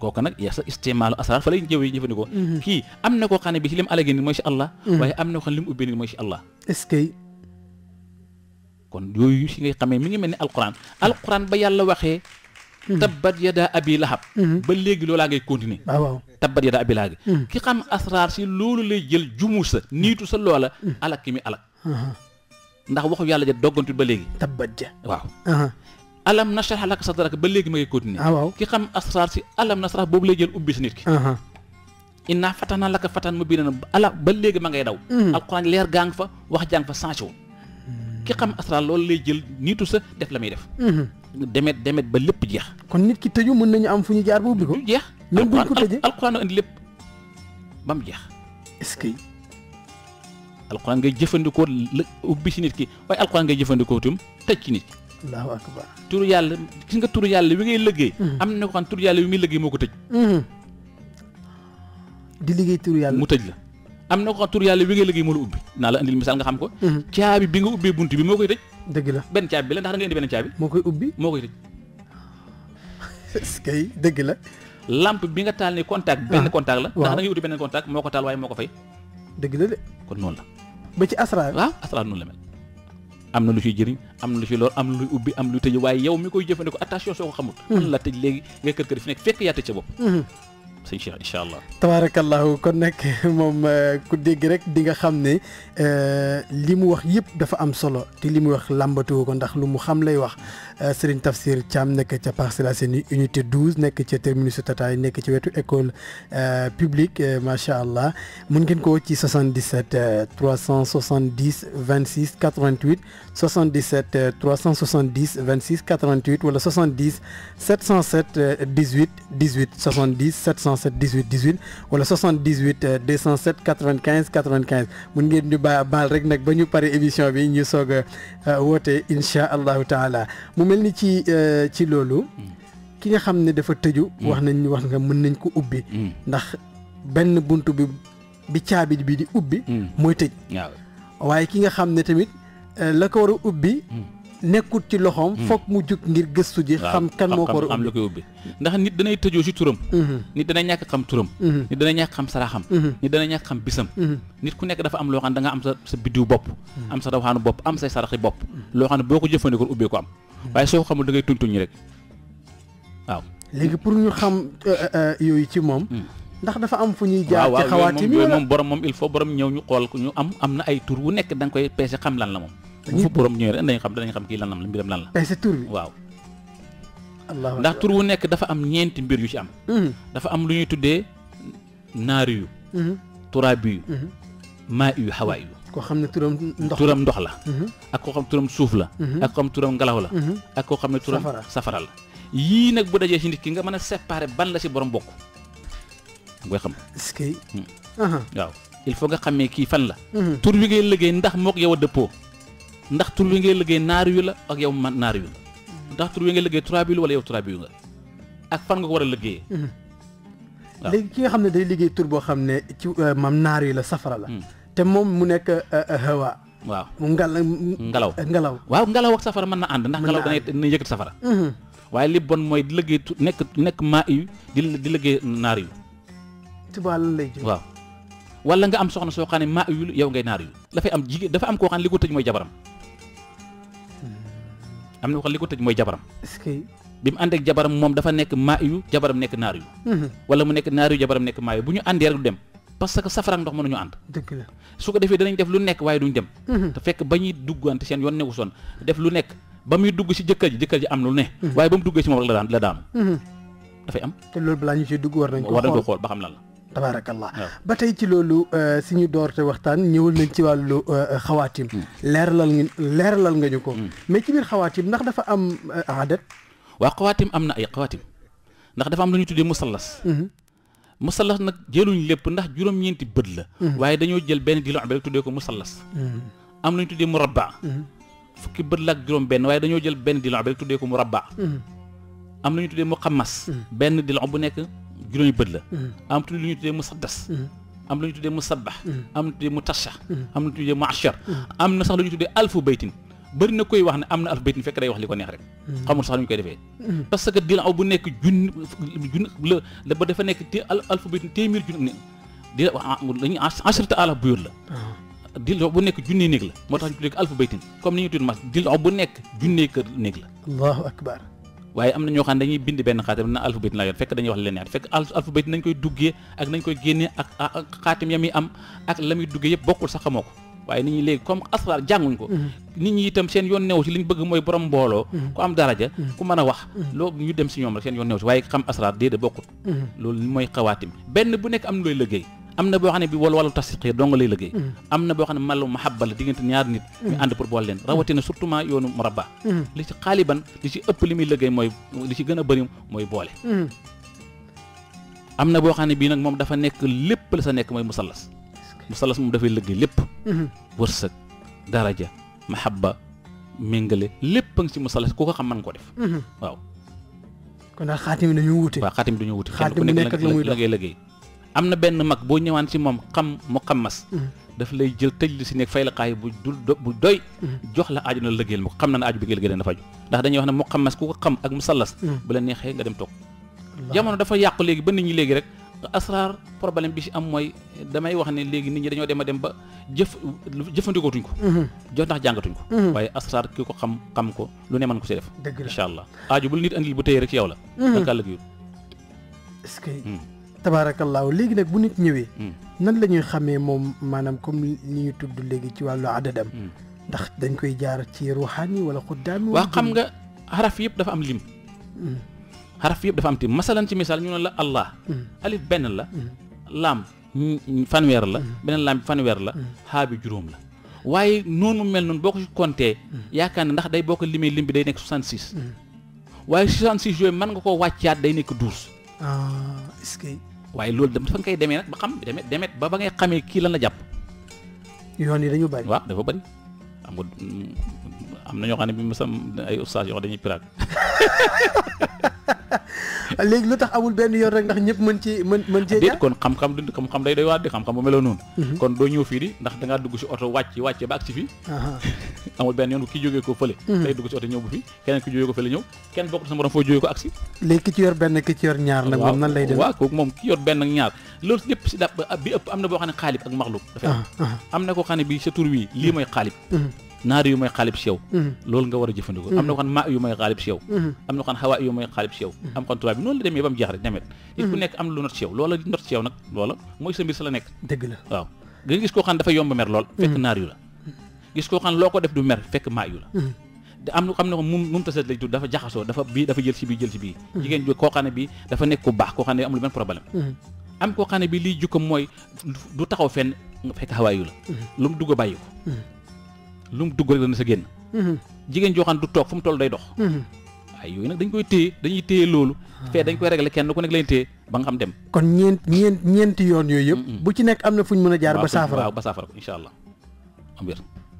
kooku nag yaa sa istimaalu asrar fa lay jëw yi jëfandikoo kii am na bi ci lim ci allah waaye am na koo xam ni ci allah est-ce que kon yooyu si ngay xamee mi ngi mel alquran alquran ba yàlla Mm-hmm. tabbat yada abi lahab mm-hmm. ba léegi loolaa ngay continuer ah, waaw tabbat yada abi lahab mm-hmm. ki xam asraar si loolu lay jël jumu sa niitu sa loola alak ki mi alak uh-huh. ndax waxu yàlla ja doggantul ba léegi tabbat ja waaw uh-huh. alam nashrah laka sadrak ba léegi ma ngay continuer ah, waaw ki xam asraar si alam nasrah boobu lay jël ubbi sa nit ki uh-huh. inna fatahnaa laka fatan mubiinan ala ba léegi ma ngay daw alxuraan leer gaang fa wax jàng fa sanction ki xam asraar loolu lay jël niitu sa def la muy def demet demet ba lépp jeex. kon nit ki tëju mën nañu am fu ñu jaar ba ubbi ko. jeex même bu ñu ko tëjee alxuraan jeex. est-ce que. alxuraan ngay jëfandikoo ubbi si nit ki waaye alxuraan ngay jëfandikoo tum tëj ci nit ki. allahu yàlla gis nga turu yàlla wi ngay liggéey. Mm-hmm. am na ko xam turu yàlla wi muy ko tëj. Mm-hmm. di liggéey turu yàlla mu tëj la. na ko xam turu yàlla wi ngay liggéey moo la ubbi naa la andil misaal nga xam ko. Mm-hmm. caabi bi nga ubbee bunt bi moo koy tëj. dëgg la benn caabi bi la ndax da nga indi benn caabi. moo koy ubbi moo koy tëj. est dëgg la. lampe bi nga taal ni contact. benn ah. contact la ndax da ngay wuti benn contact moo ko taal waaye moo ko fay. dëgg la de. kon noonu la. ba ci asra. waaw asra noonu la mel. am na lu ciy jëriñ am na lu ciy lor am na luy ubbi am na tëj waaye yow mi koy jëfandikoo attention soo ko xamul. man hmm. la tëj léegi nga kër kër fi nekk fekk yaa tëj sa bopp. Hmm. sëñ Cheikh incha allah. tabaarakallahu kon nag moom euh, ku dégg rek di nga xam euh limu wax yëpp dafa am solo te limu wax lambatu ko ndax lu mu xam lay wax euh, Serigne Tafsir cham nek ci parcela seni unité 12 nek ci terminus Tataay nek ci wetu école euh, publique macha allah mun ngeen ko ci 77 370 26 88 77 370 26 88 wala 70 707 18 18 70 700. 207 18 18 wala 78 207 95 95 mun ngeen ñu ba baal rek nak bañu paré émission bi ñu soga euh, woté Insha Allah taala mu melni ni ci euh, ci lolu ki nga xamné dafa tëju wax nañ wax nga mën nañ ko ubbi ndax ben buntu bi bi caabi bi di ubbi moy mm. tëj waaye ki nga xamné tamit euh, la ko ubbi mm. nekut ci loxom hmm. fokk mu juk ngir gëstu ji xam kan moko ko am a ubbe ndax nit danay tejo ci turam mm-hmm. nit dana ñak xam turam mm-hmm. nit dana ñak xam saraxam mm-hmm. nit ñak xam bisam nit ku nek dafa am lo xam da nga am sa bidiw bop am sa rawaxaanu bop am say saraxi bop lo xam boko jëfëne ko ubbe ko am waye so xam da ngay tuñ tuñ rek waaw legi pour ñu xam euh, euh, euh, yoy ci mom mm. ndax dafa am fu ñuy jaar ci xawaati mi mom borom mom il faut borom ñew ñu ñu am amna ay tour wu nek dang koy peese xam lan la mom bu fa ñoo ñëwee rek xam danañ xam kii lanam la mbiram lan eh, bi waaw. ndax tur wu nekk dafa am ñeenti mbir yu ci am. Hmm. dafa am lu ñuy tuddee naar yu. Hmm. turaabi yu. Hmm. maa yu xawaay yu. koo xam ne turam ndox turam ndox la. ak koo xam turam suuf la. ak koo xam turam ngelaw la. ak koo xam ne turam safara la. yii nag bu dajee ci nit ki nga mën a séparer ban la ci borom bokk. nga xam. est-ce uh-huh. waaw il faut nga xamee kii fan la. tur bi ngay liggéey ndax mook yow a dëppoo. ndax tur wi ngay liggéey naar wi la ak yow man naar wi la ndax tur wi ngay liggéey trois bi wala ak fan nga ko war a liggéeyee. waaw mm-hmm. léegi ki nga xam ne day liggéey tur boo xam ne ci euh, maam naar wi la safara la. Mm. moom mu nekk euh, euh, hawa. waaw mu ngelaw ngelaw ngelaw. waaw ngelaw ak safara mën na ànd ndax ngelaw dana dana yëkkati safara. Mm-hmm. waaye li bon mooy di liggéey nekk nekk maa yu di di liggéey naar yu. tubaab lan lay jël waaw. wala nga am soxna soo xam ne maa yu yow ngay naar yu. dafay am jigéen dafa am koo xam ne li ko tëj mooy jabaram. am na wax li ko tëj mooy jabaram bi mu ànd ak jabaram moom dafa nekk maa jabaram nekk naar yu mm-hmm. wala mu nekk naar yu jabaram nekk maa bu ñu àndee rek du dem parce que safara ak ndox mënuñu ànd su ko defee danañ def lu nekk waaye duñ dem mm-hmm. te fekk ba ñuy duggante yoon newu soon def lu nekk ba muy dugg si jëkkër ji jëkkër ji am lu ne mm-hmm. waaye ba mu duggee si moom rek la daan la daanu dafay am te loolu balaa ñu ci dugg war nañ ko xool ba xam lan la tabaarakallah ba tey ci loolu euh, si ñu doorte waxtaan ñëwal nañ ci wàllu euh, xawaatim hmm. leeralal nga leeralal nga ñu ko hmm. mais ci biir xawaatim ndax dafa am aadat euh, waaw xawaatim am na ay xawaatim ndax dafa am lu ñu tuddee musallas hmm. musallas nag jëluñ lépp ndax juróom-ñeenti bët la waaye dañoo jël benn di lon bi tuddee ko musallas am lu ñu tuddee murabba fukki bët la ak juróom benn waaye dañoo jël benn di lon bi tuddee ko murabba am lu ñu tuddee muqammas benn di bu nekk جروي بدلة أم تقول لي تدي مصدس أم تقول لي تدي مصبح أم تقول لي متشع أم تقول لي معشر أم نسأل لي تدي ألف بيتين برينا كوي واحد أم ألف بيتين فكرة واحد يكون يهرب قام نسأل لي كده في بس كده دين أو بنيك جن جن ل لبده فنيك تي ألف بيتين تي مير جن دي لني عشرة آلاف بيول ديل أبو نيك جن نيكلا ما تقول ألف بيتين كم نيجي تقول ما ديل أبو نيك جن نيكر الله أكبر waaye am na ñoo xam ne dañuy bind benn xaatim na alphabet laa yor fekk dañuy wax leen ñaar fekk alphabet nañ koy duggee ak nañ koy génnee ak xaatim ya muy am ak la muy duggee yëpp bokkul sa xamoo ko waaye nit ñi léegi comme asraar jànguñ ko mm-hmm. nit ñi itam seen yoon neew si li ñu bëgg mooy borom mbooloo mm-hmm. ku am daraja mm-hmm. ku mën a wax loolu ñu dem si ñoom rek seen yoon neew ci waaye xam asraar déedéet bokkut loolu mooy xawaatim benn bu nekk am looy liggéey amna bo xamne bi wal walu wala do nga lay liggey mm. amna bo xamne malu mahabba la diggante ñaar nit mm. ñu and pour len rawati rawatina surtout ma yoonu murabba mm. li ci xaaliban li ci ëpp limi liggey moy li ci gëna bari moy bolé amna bo xamne bi nak mom dafa nek lepp la sa nek moy musallas musallas mom dafa liggey lepp mm-hmm. daraja mahabba mengale lepp ci musallas ku ko xam man ko def mm-hmm. waaw kon na khatim dañu wuté waaw khatim dañu wuti xaatim ku nekk la liggey liggey am na benn mag boo ñëwaan si moom xam mu mas mm-hmm. daf lay jël tëj li si nekk fay la xaay bu dul bu doy mm-hmm. jox la aaju na lëggéel ma ko xam na ne aaju bi nga lëggéel dafa aju ndax dañuy wax ne mu xammas ku ko xam ak musallas mm-hmm. bu la neexee nga dem jamono dafa yàqu léegi ba nit léegi rek asraar problème bi si am mooy damay wax ne léegi nit ñi dañoo dem a dem ba jëf jëfandikootuñ ko jox ndax jàngatuñ ko waaye asraar ki ko xam xam ko lu ne mën ko si def incha allah bu bul nit andil bu téye rek ci yow la da kaa تبارك الله ليغ نك بو نيت نيوي نان لا نيو خامي موم مانام كوم ني نيو تودو ليغي تي والو عددام داخ دنج كوي جار تي روحاني ولا قدامي وا خمغا حرف ييب دا فا ام ليم حرف ييب دا فا ام تيم مثلا تي مثال نيو لا الله الف بن لا لام فان وير لا بنن لام فان وير لا ها بي جروم لا واي نونو مل نون بوكو كونتي ياكان ناخ داي بوكو ليمي ليمبي داي نيك 66 واي 66 جوي مان نكو واتيات داي نيك 12 est-ce que waaye loolu dem dafa ngay demee nag ba xam demet demet ba ba ngay xamé ki lan la japp yoon yi dañu bari wa dafa bari am nga am nañu ñoo bi ma sam ay oustad yo dañuy pirate léegi lu tax amul benn yoon rek ndax ñëpp mën ci mën mën cee déet kon xam-xam du xam-xam day doy waar di xam-xam bu meloo noonu mhm. kon doo ñëw fii di ndax da ngaa dugg si oto wàcc wàcce ba ak si fii amul benn yoon ki jógee ko fële mhm. day dugg si oto ñëw bu fii keneen ki jógee ko kenn bokk sa morom foo jógee ko ak léegi ki ci yor benn ki ci yor ñaar nag moom nan lay demee waaw kooku moom ki yor benn ñaar loolu lépp si dàpp bi ëpp am na boo xam ne xaalib ak maxlub dafa am na koo xam ne bi sa tur wi lii nar yu may xaalib si yow mhm. loolu nga wara jëfëndiko mhm. am na kon ma yu may xaalib si yow mhm. am na kon hawa yu may xaalib si yow am kon tuba bi non la demee bam jeex rek demet nit ku nekk am lu not si yow loola not si yow nag loola moy sa mbir sa la nekk deug la waaw nga gis ko xam dafa yomb mer lool fekk nar yu la gis ko xam loko def du mer fekk ma yu la da am lu xamne mum mum lay tud dafa jaxaso dafa bi dafa jël ci bi jël ci bi jigen ko xane bi dafa nek ku bax ko xane am lu ben problème am ko xane bi li jukkam moy du taxaw fenn fekk la lum bayiko lu mu dugg rek dana sa génn. Mhm. jigéen joo xam du toog fu mu toll day dox. waaye mhm. yooyu nag dañ koy téye dañuy téye loolu. Ah. fee dañ koy réglé kenn ko nekk lañ téye ba nga xam dem. kon ñeent ñeent ñeenti yoon yooyu yëpp. bu ci nekk am na fu ñu mën a jaar ba saafara ba saafara ko incha allah am wér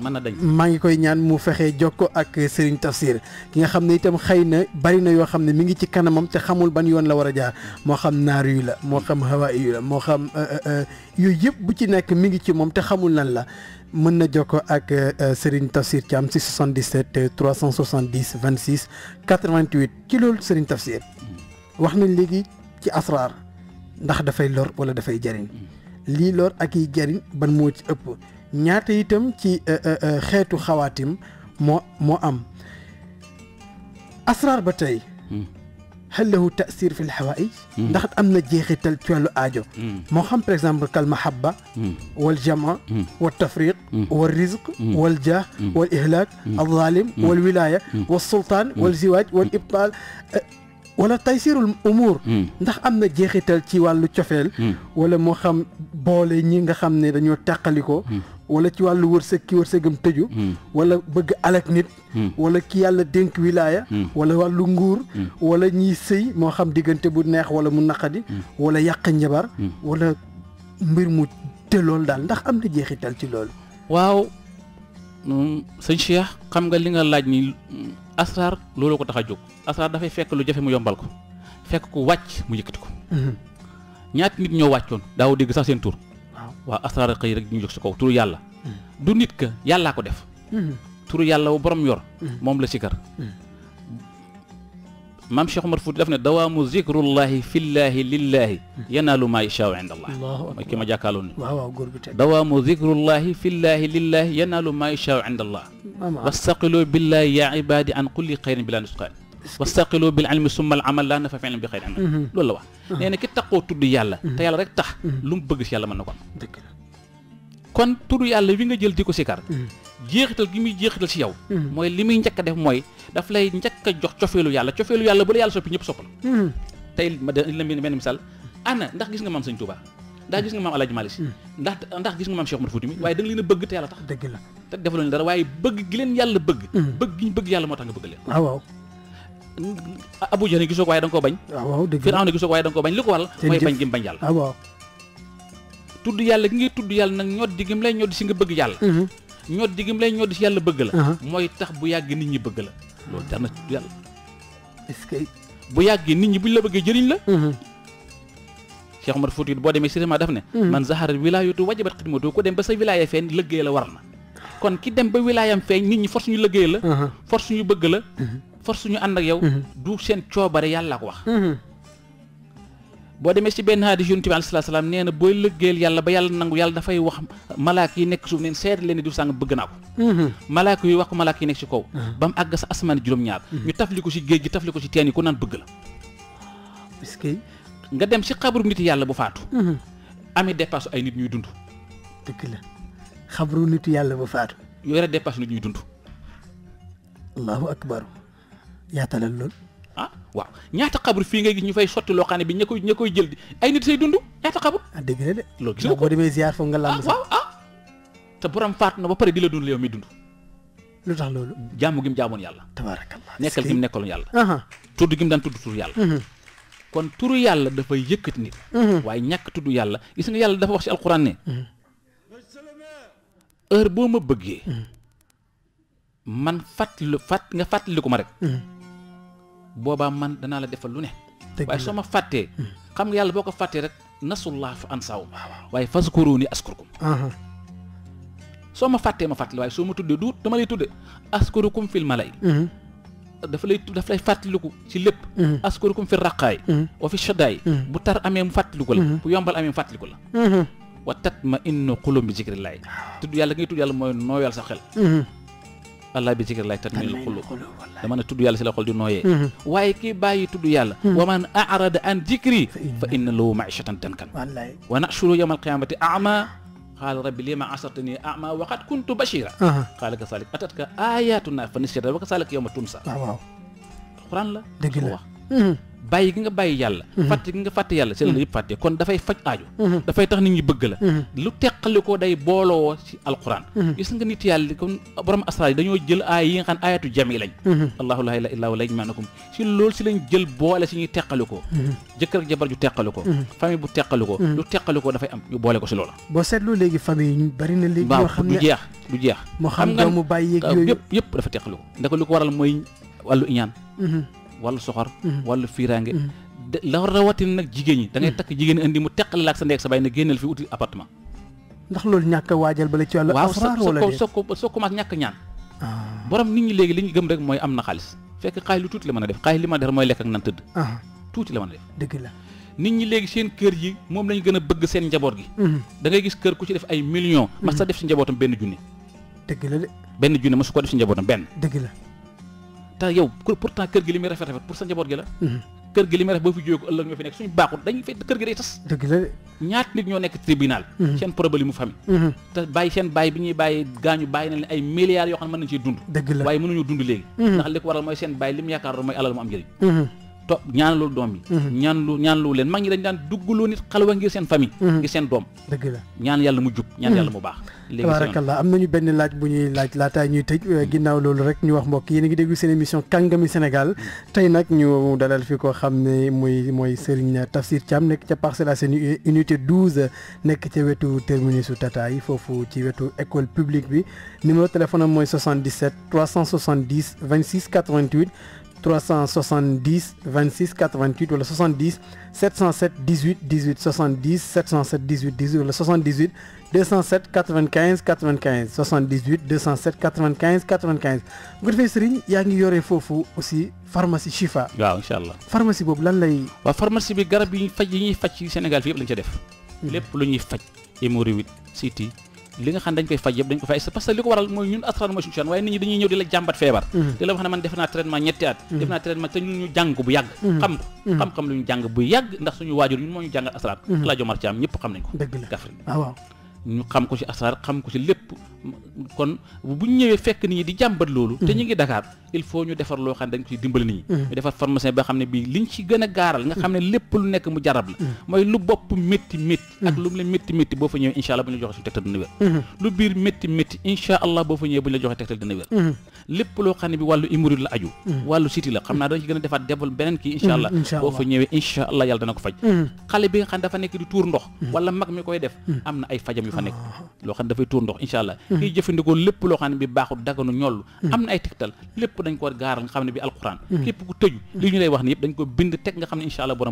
mën na dañ maa ngi koy ñaan mu fexe ko ak Serigne Tafsir ki nga xam ne itam xëy na bari na yoo xam ne mi ngi ci kanamam te xamul ban yoon la war a jaar moo xam naar yu la moo xam hawa yu la moo xam euh, euh, euh, yooyu yëpp bu ci nekk mi ngi ci moom te xamul lan la mën na jox ko ak Serigne Tafsir Thiam ci 77 370 26 88 ci loolu Serigne Tafsir wax nañ léegi ci asraar ndax dafay lor wala dafay jariñ mm. lii lor ak yi ban moo ci ëpp ñaata itam ci xeetu xawaatim moo moo am asraar ba tey hal lahu tasir fi lxawaïj ndax am na jeexital ci wàllu aajo moo xam par exemple kal mahaba wal jama wal tafriq wal rizq wal jah wal ihlak al zalim wal wilaya wal sultaan wal ziwaaj wal ibtaal wala taysirul umur ndax am na jeexital ci wàllu cofeel wala moo xam boole ñi nga xam ne dañoo tàqaliko wala ci wàllu wërsëg ki wërsëgam tëju hmm. wala bëgg alak nit hmm. wala ki yàlla dénk wilaaya hmm. wala wàllu nguur wala ñiy sëy moo xam diggante bu neex wala mu naqadi wala yàq njabar walla mbir mu te loolu daal ndax am na jeexital ci loolu waaw sëñ Cheikh xam nga li nga laaj ni asraar looloo ko tax a jóg asraar dafay fekk lu jafe mu yombal ko fekk ku wàcc mu yëkkati ko ñaati nit ñoo wàccoon daaw dégg sax seen tur waa asraar xëy rek ñu jóg si kaw turu yàlla du nit ka yàllaa ko def turu yàlla wu borom yor moom la sikar maam Cheikh Omar Fouti daf ne dawaamu zikrullahi fillahi lillahi yanaalu maa yashaau inda allah mooy ki ma jàkkaarloo ni waaw waaw góor bi tey dawaamu zikrullahi fillahi lillahi yanaalu maa yashaau inda allah wastaqiloo billahi yaa ibaadi an kulli xayrin bila nusqaan واستقلوا بالعلم ثم العمل لا نفع فعلا بخير عمل لولا واخ نينا يعني كي تقو تود يالا تا يالا رك تخ لوم بغيس يالا من نكون دكرا كون تود يالا فيغا جيل ديكو سيكار جيختال كي مي جيختال سي ياو موي لي مي نياكا ديف موي دا فلاي نياكا جوخ تشوفيلو يالا تشوفيلو يالا بول يالا سوبي نيب سوبل تاي ما دي لامي مين مثال انا ndax gis nga mam seigne touba da gis nga mam alhadji malis ndax ndax gis nga mam cheikh mourfoudi mi waye da ngi leena bëgg te yalla tax deug la te defal ñu dara waye bëgg gi leen yalla bëgg bëgg gi bëgg yalla mo tax nga bëgg leen Abu ni gisoko ko dang ko bañ. waaw dëgg la Firawna gisoo ko waaye danga bañ lu wal mhm. mhm. moy bañ gi bañ yàlla. waaw tudd yalla gi ngi tudd yalla nak ñod digim lay ñod di si nga bëgg yalla ñoo di gim lay ñod di si yàlla bëgg la. moy mhm. tax bu yàgg nit ñi bëgg la loolu tax na tudd est-ce que. bu yàggee nit ñi bu la bëgg jëriñ la. Cheikh Omar Fouti bo demé Sirima daf ne. man zahar wilayatu wajibat khidmatu ko dem ba sa wilaya fen liggéey la warna kon ki dem ba wilayam feeñ nit ñi force ñu liggéey la. force ñu bëgg la. force ñu ànd ak yow. Mhm. du seen coobare yàlla ko wax. Mhm. boo demee ci benn hadis yonent bi alayhi salaatu salaam nee na booy lëggeel yàlla ba yàlla nangu yàlla dafay wax malaaka yi nekk suuf neen seet leen di diw sàng bëgg naa ko mhm. yi wax ko malaaka yi nekk ci ba mu àgg sa asmaan juróom-ñaar ñu li ko ci géej gi tafli ko ci teen yi ku naan bëgg la est que nga dem ci xabru yàlla bu faatu amee ay nit ñuy dund dëgg la xabru nit yàlla bu faatu yaatalal lool. ah waaw ñaata xabru fii nga gis ñu fay sotti loo xam ne bi ña koy ña koy jël di ay nit say dund ñaata xabru. ah dëgg la de. loolu gis nga boo demee ziar foog nga làmb ah, sax ah te borom faat na ba pare di la dund yow mi dund. lu tax loolu. jaamu gi mu jaamoon yàlla. tabaarakallah nekkal gi mu nekkaloon yàlla. tudd gi mu daan tudd tudd yàlla. Mhm. kon turu yàlla dafay yëkkati nit. Mhm. waaye ñàkk tudd yàlla gis nga yàlla dafa wax ci alquran ne. Mhm. heure boo ma bëggee. man fàttali fàtt nga fàttaliku ma rek. boobaa man danaa la defal lu ne waaye soo ma fàttee hmm. xam nga yàlla boo ko fàttee rek nasullah fa ansaawum waaye faskuru ni askurkum soo ma fàttee ma fàttali waaye soo ma tuddee du dama lay tudde askurukum fil malay hmm. dafa lay daf lay fàttaliku ci lépp hmm. askurukum fi raqaay wa fi shadaay bu tar amee mu ko la bu yombal amee mu ko la wa tatma innu qulub bi zikrillahi tudd yàlla ngay tudd yàlla mooy nooyal sax xel الله بذكر الله تنمي القلوب لما تود يالا سي لاخول دي نويه واي كي باي تود يالا ومن اعرض عن ذكري فان له معيشه تنكا والله ونحشر يوم القيامه اعمى قال ربي لما عصرتني اعمى وقد كنت بشيرا قال كذلك اتتك اياتنا فنسيت وكذلك يوم تنسى القران لا دغلا bàyyi ki nga bàyyi yàlla mhm. fàtte gi nga fàtte yàlla si la mhm. yëpp fàtte kon dafay faj aaju mhm. dafay tax nit ñi bëgg la lu teqali ko day boolowoo ci alquran gis nga nit yàlla comme borom asrar yi dañoo jël aay yi nga xam ne aayatu jami lañ allahu laa ilaaha illaa huwa lajmaanakum si loolu si lañ jël boole si ñuy teqali ko jëkkër jabar ju teqali ko famille bu teqali ko lu teqali ko dafay am ñu boole ko si loola boo seetloo léegi famille ñu bari na léegi yoo xam ne jeex du jeex moo xam doomu bàyyi yëpp yëpp dafa teqali ko ndax lu ko waral mooy wallu iñaan wàllu soxor mhm. wàllu fiiraange mhm. la rawatin nag jigéen ñi da ngay mhm. takk jigéen ñi indi mu teqal laak sa ndeeg sa bàyyi ne génneel fi uti appartement ndax loolu ñàkk waajal ba bala ci wàllu asraar wala déet waaw soo commencé ñàkk ñaan ah. borom nit ñi léegi li ñu gëm rek mooy am na xaalis fekk xaalis lu tuuti la mën a def xaalis li mën a def mooy lekk ak nan tëdd ah. tuuti la mën a def dëgg la nit ñi léegi seen kër yi moom lañu gën a bëgg seen njaboot gi da ngay gis kër ku ci def ay millions mas sa def si njabootam benn junni dëgg la benn junni ma su ko si njabootam benn dëgg la ta yow pourtant kër gi limi rafet rafet pour sa njabot gi la mhm. kër gi limi rafet bo fi jógee ko ëllëg nga fi nek suñu baxul dañuy fay kër gi day tass deug la ñaat nit ñoo nek tribunal mhm. seen problème mu fami mhm. ta bay seen bay bi ñuy bay gañu bay na ay milliards yo xam ne mën nañ ciy waye mënu ñu dund léegi ndax li waral moy seen bay li mu moy alal mu am njëriñ ñaan lu doom yi ñaan lu ñaan lu leen mag ñi dañ daan lu nit xalwa ngir seen famille mhm. ngir seen doom dëgg la ñaan yàlla mu jub ñaan mhm. yàlla mu baax tabarakallah am nañu benn laaj bu ñuy laaj laataa ñuy tëj mhm. ginnaaw loolu rek ñu wax mbokk yéen a ngi déglu seen émission kàngami Sénégal tey nag ñu dalal fi ko xam ne muy mooy Serigne Tafsir Thiam nekk ca parcela Assainies unité 12 nekk ca wetu terminus Tata yi foofu ci wetu école publique bi numéro téléphone am mooy 77 370 26 88 370 26 88 le 70 707 18 18 70 707 18 18 le 78 207 95 95 78 207 95 95 bu ko il y a une aussi pharmacie Chifa. waaw pharmacie bob lan lay. pharmacie bi garab yi Sénégal lañ def. Hmm. li nga xam dañ koy faj yëpp dañ ko fay parce li ko waral mooy ñun asran mooy suñu cosaan waaye nit ñi dañuy ñëw di la jàmbat feebar mm-hmm. di la wax ne man def naa traitement ñetti at mm-hmm. def naa traitement te ñu jàng ko bu yàgg mm-hmm. xam ko xam-xam lu jàng bu yàgg ndax suñu waajur ñun moo ñu jàngal asran laa jomar ci am ñëpp xam nañ ko gafri ah, ñu xam ko ci asrar xam ko ci lépp kon bu ñëwee fekk nit ñi di jàmbat loolu te ñu mm-hmm. ngi Dakar il faut ñu defar loo xam ne dañ koy dimbali nit ñi mm-hmm. ñu defar pharmacien boo xam ne ci gën a gaaral nga xam ne mm-hmm. lépp lu nekk mu jarab la mooy lu bopp métti métti ak lu mu la métti métti boo fa ñëwee incha allah bu ñu la joxee suñu tegtal dina wér lu biir métti métti incha allah boo fa ñëwee bu ñu la joxee tegtal dina wér lépp loo la allah yàlla dana ko faj xale bi nga xam ne dafa nekk di tuur ndox wala mag mi koy def am na ay fajam yu fa nekk ah. loo xam ne dafay tuur ndox incha allah kiy mm. jëfandikoo lépp loo xam ne bi baaxul daganu ñollu mm. am na ay tegtal lépp dañ ko gaaral nga xam ne bi alquran mm. képp ku tëju li ñu lay wax ni yëpp dañ ko bind teg nga xam ne incha allah a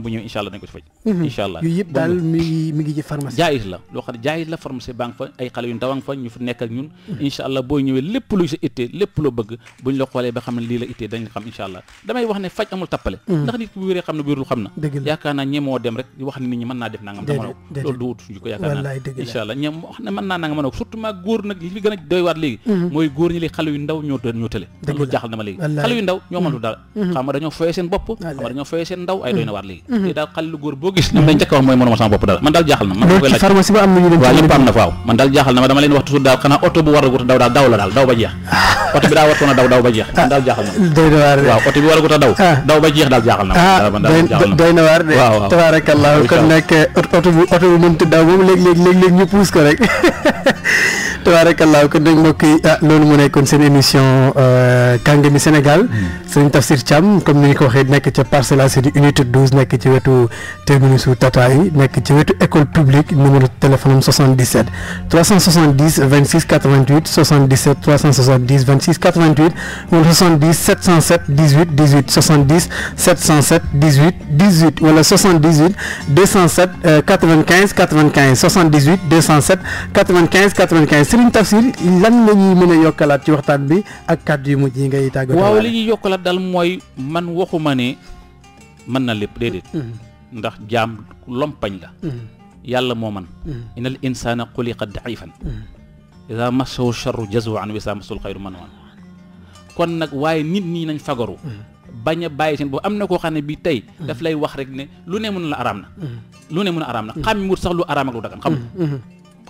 ñun incha boo ñëwee lépp luy sa ittee lépp loo bëgg buñ la xoolee ba xam ne lii la ittee dañ xam incha damay wax ne faj amul tappale ndax nit ki bu wéree xam ne wérul xam na yaakaar naa ñemoo dem rek wax ne nit ñi mën naa def naa incha allah ñem wax li gën a doy waar léegi mm-hmm. mooy góor ñi léegi xale yu ndaw ñoo ñoo tële lu jaaxal na ma léegi xale yu ndaw ñoo mënul mm-hmm. dara mm-hmm. xam nga dañoo foye seen bopp xam nga dañoo foye seen ndaw ay doy na waar léegi te daal xale lu góor a a ah. a ah. a ah. a a ñu puus ko rek tabaarakallaa kon mbokk ah, mu sen émission euh, Sénégal hmm. Serigne Tafsir cham comme ni ko unité 12 ci terminus ci téléphone 77 370 26 88 77 370 26 88 70 707 18 18 70 707 18 18 wala 78 207 95 95 78 207 95 95. Serigne Tafsir lan la ñuy mën a yokkalaat ci waxtaan bi ak kàddu yu mujj yi ngay tàggatoo waaw li ñuy yokkalaat daal mooy man waxuma ne mën na lépp déedéet mm-hmm. ndax jaam lompañ la mm-hmm. yàlla moo man mm-hmm. inal insaana xuliqa daifan ida massahu charru jazwaan wa isa massul xayru manwaan kon nag waaye nit ñi nañ fagaru bañ a bàyyi seen boobu am na koo xam ne bi tey daf lay wax rek ne lu ne mën la araam na lu ne mën araam na xam wut sax lu araam lu dagan xam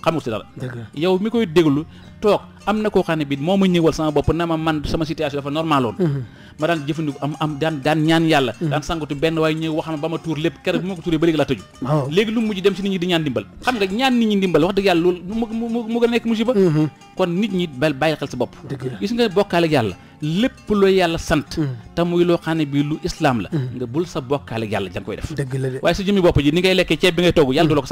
xamul si dara yow mi koy déglu toog am na koo xam ne bi moo ma ñëwal sama bopp na ma man sama situation dafa normaloon mhm. ma daan jëfandiku am am daan daan ñaan yàlla mhm. daan sangatu benn waaye ñëw wax ma ba ma tuur lépp keroog bi ma ko tuuree ba léegi laa tëju léegi lu mujj dem si nit ñi di ñaan ndimbal xam nga ñaan nit ñi ndimbal wax dëgg yàlla loolu mu mu mu nga nekk musiba mhm. kon nit ñi bàyyi xel sa bopp gis nga bokkaale yàlla lepp lu yalla sant mm. ta muy lo xane bi lu islam la mm. nga bul sa bokkaale yalla jang koy def dëgg la de waaye ji ni ngay lekke ci bi ngay togu yalla dulo ko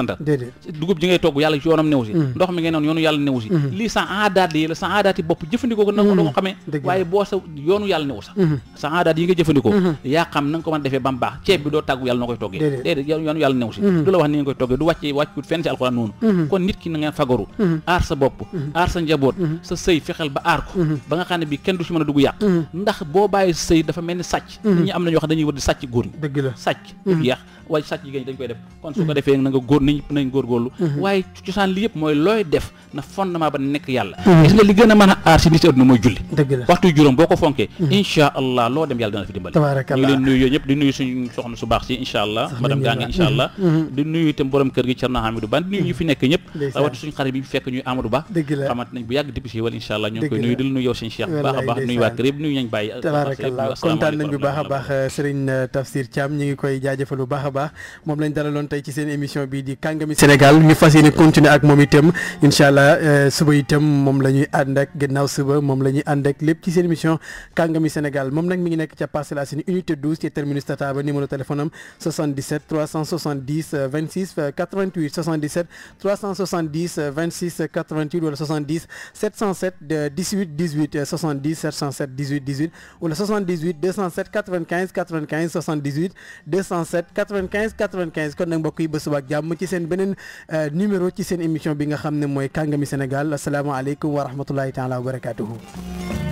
dugub ji ngay yalla ci yonam newu si mm. ndox mi ngay ya yonu yalla newu ci li sa adat yi la sa adati bop bopp ko nangu la ko xamee waaye boo sa yonu yalla newu sa mm-hmm. sa adat yi nga jëfandikoo ya xam nang ko man defé bam ba mu baax ceeb bi do tagu yalla nakoy koy Dede yonu yalla newu ci mm-hmm. dula wax ni ngay koy toggee du wàcce wàccut fen ci alxuraan non kon nit ki na nga fagaru ar sa bop ar sa njabot sa sey fexel ba arku. ko ba nga xane bi kenn du ci bu yàq mm. ndax boo bàyyi sëy dafa mel ni sàcc mm. nit ñi am na ñoo xam dañuy wër di sàcc góor ñi dëgg la sàcc yàq mm. waaye sàcc jigéen ñi dañ koy def kon su ko defee na góor nañ nañ góorgóorlu waaye cosaan li yëpp mooy looy def na fondement ba nekk yàlla nga li gën a mën a fi dimbali ñu su baax suñu xarit bi fekk ñuy Amadou baax a nañ bàyyi tabaarakallah kontaan nañ baax a baax Serigne Tafsir Thiam ñu ngi koy jaajëfal baax a baax baax moom lañ dalalon tay ci seen émission bi di Sénégal ñu fas continuer ak moom itam inshallah euh, suba itam mom la and ak ginnaaw suba mom lañuy and ak lepp ci seen émission Kangami Sénégal mom nak mi ngi nekk la Parcelles une unité 12 ci terminus Tata Ba numéro téléphone am 77 370 26 88 77 370 26 88 wala 70 707 18 18 70 707 18 18 ou le 78 207 95 95 78 207 95 75 95 kon nag mbokk yi ba suba ak jàmm ci seen beneen euh, numéro ci sen émission bi nga xam ne mooy kàngami Sénégal asalaamaaleykum wa rahmatulahi taala wa barakaatuhu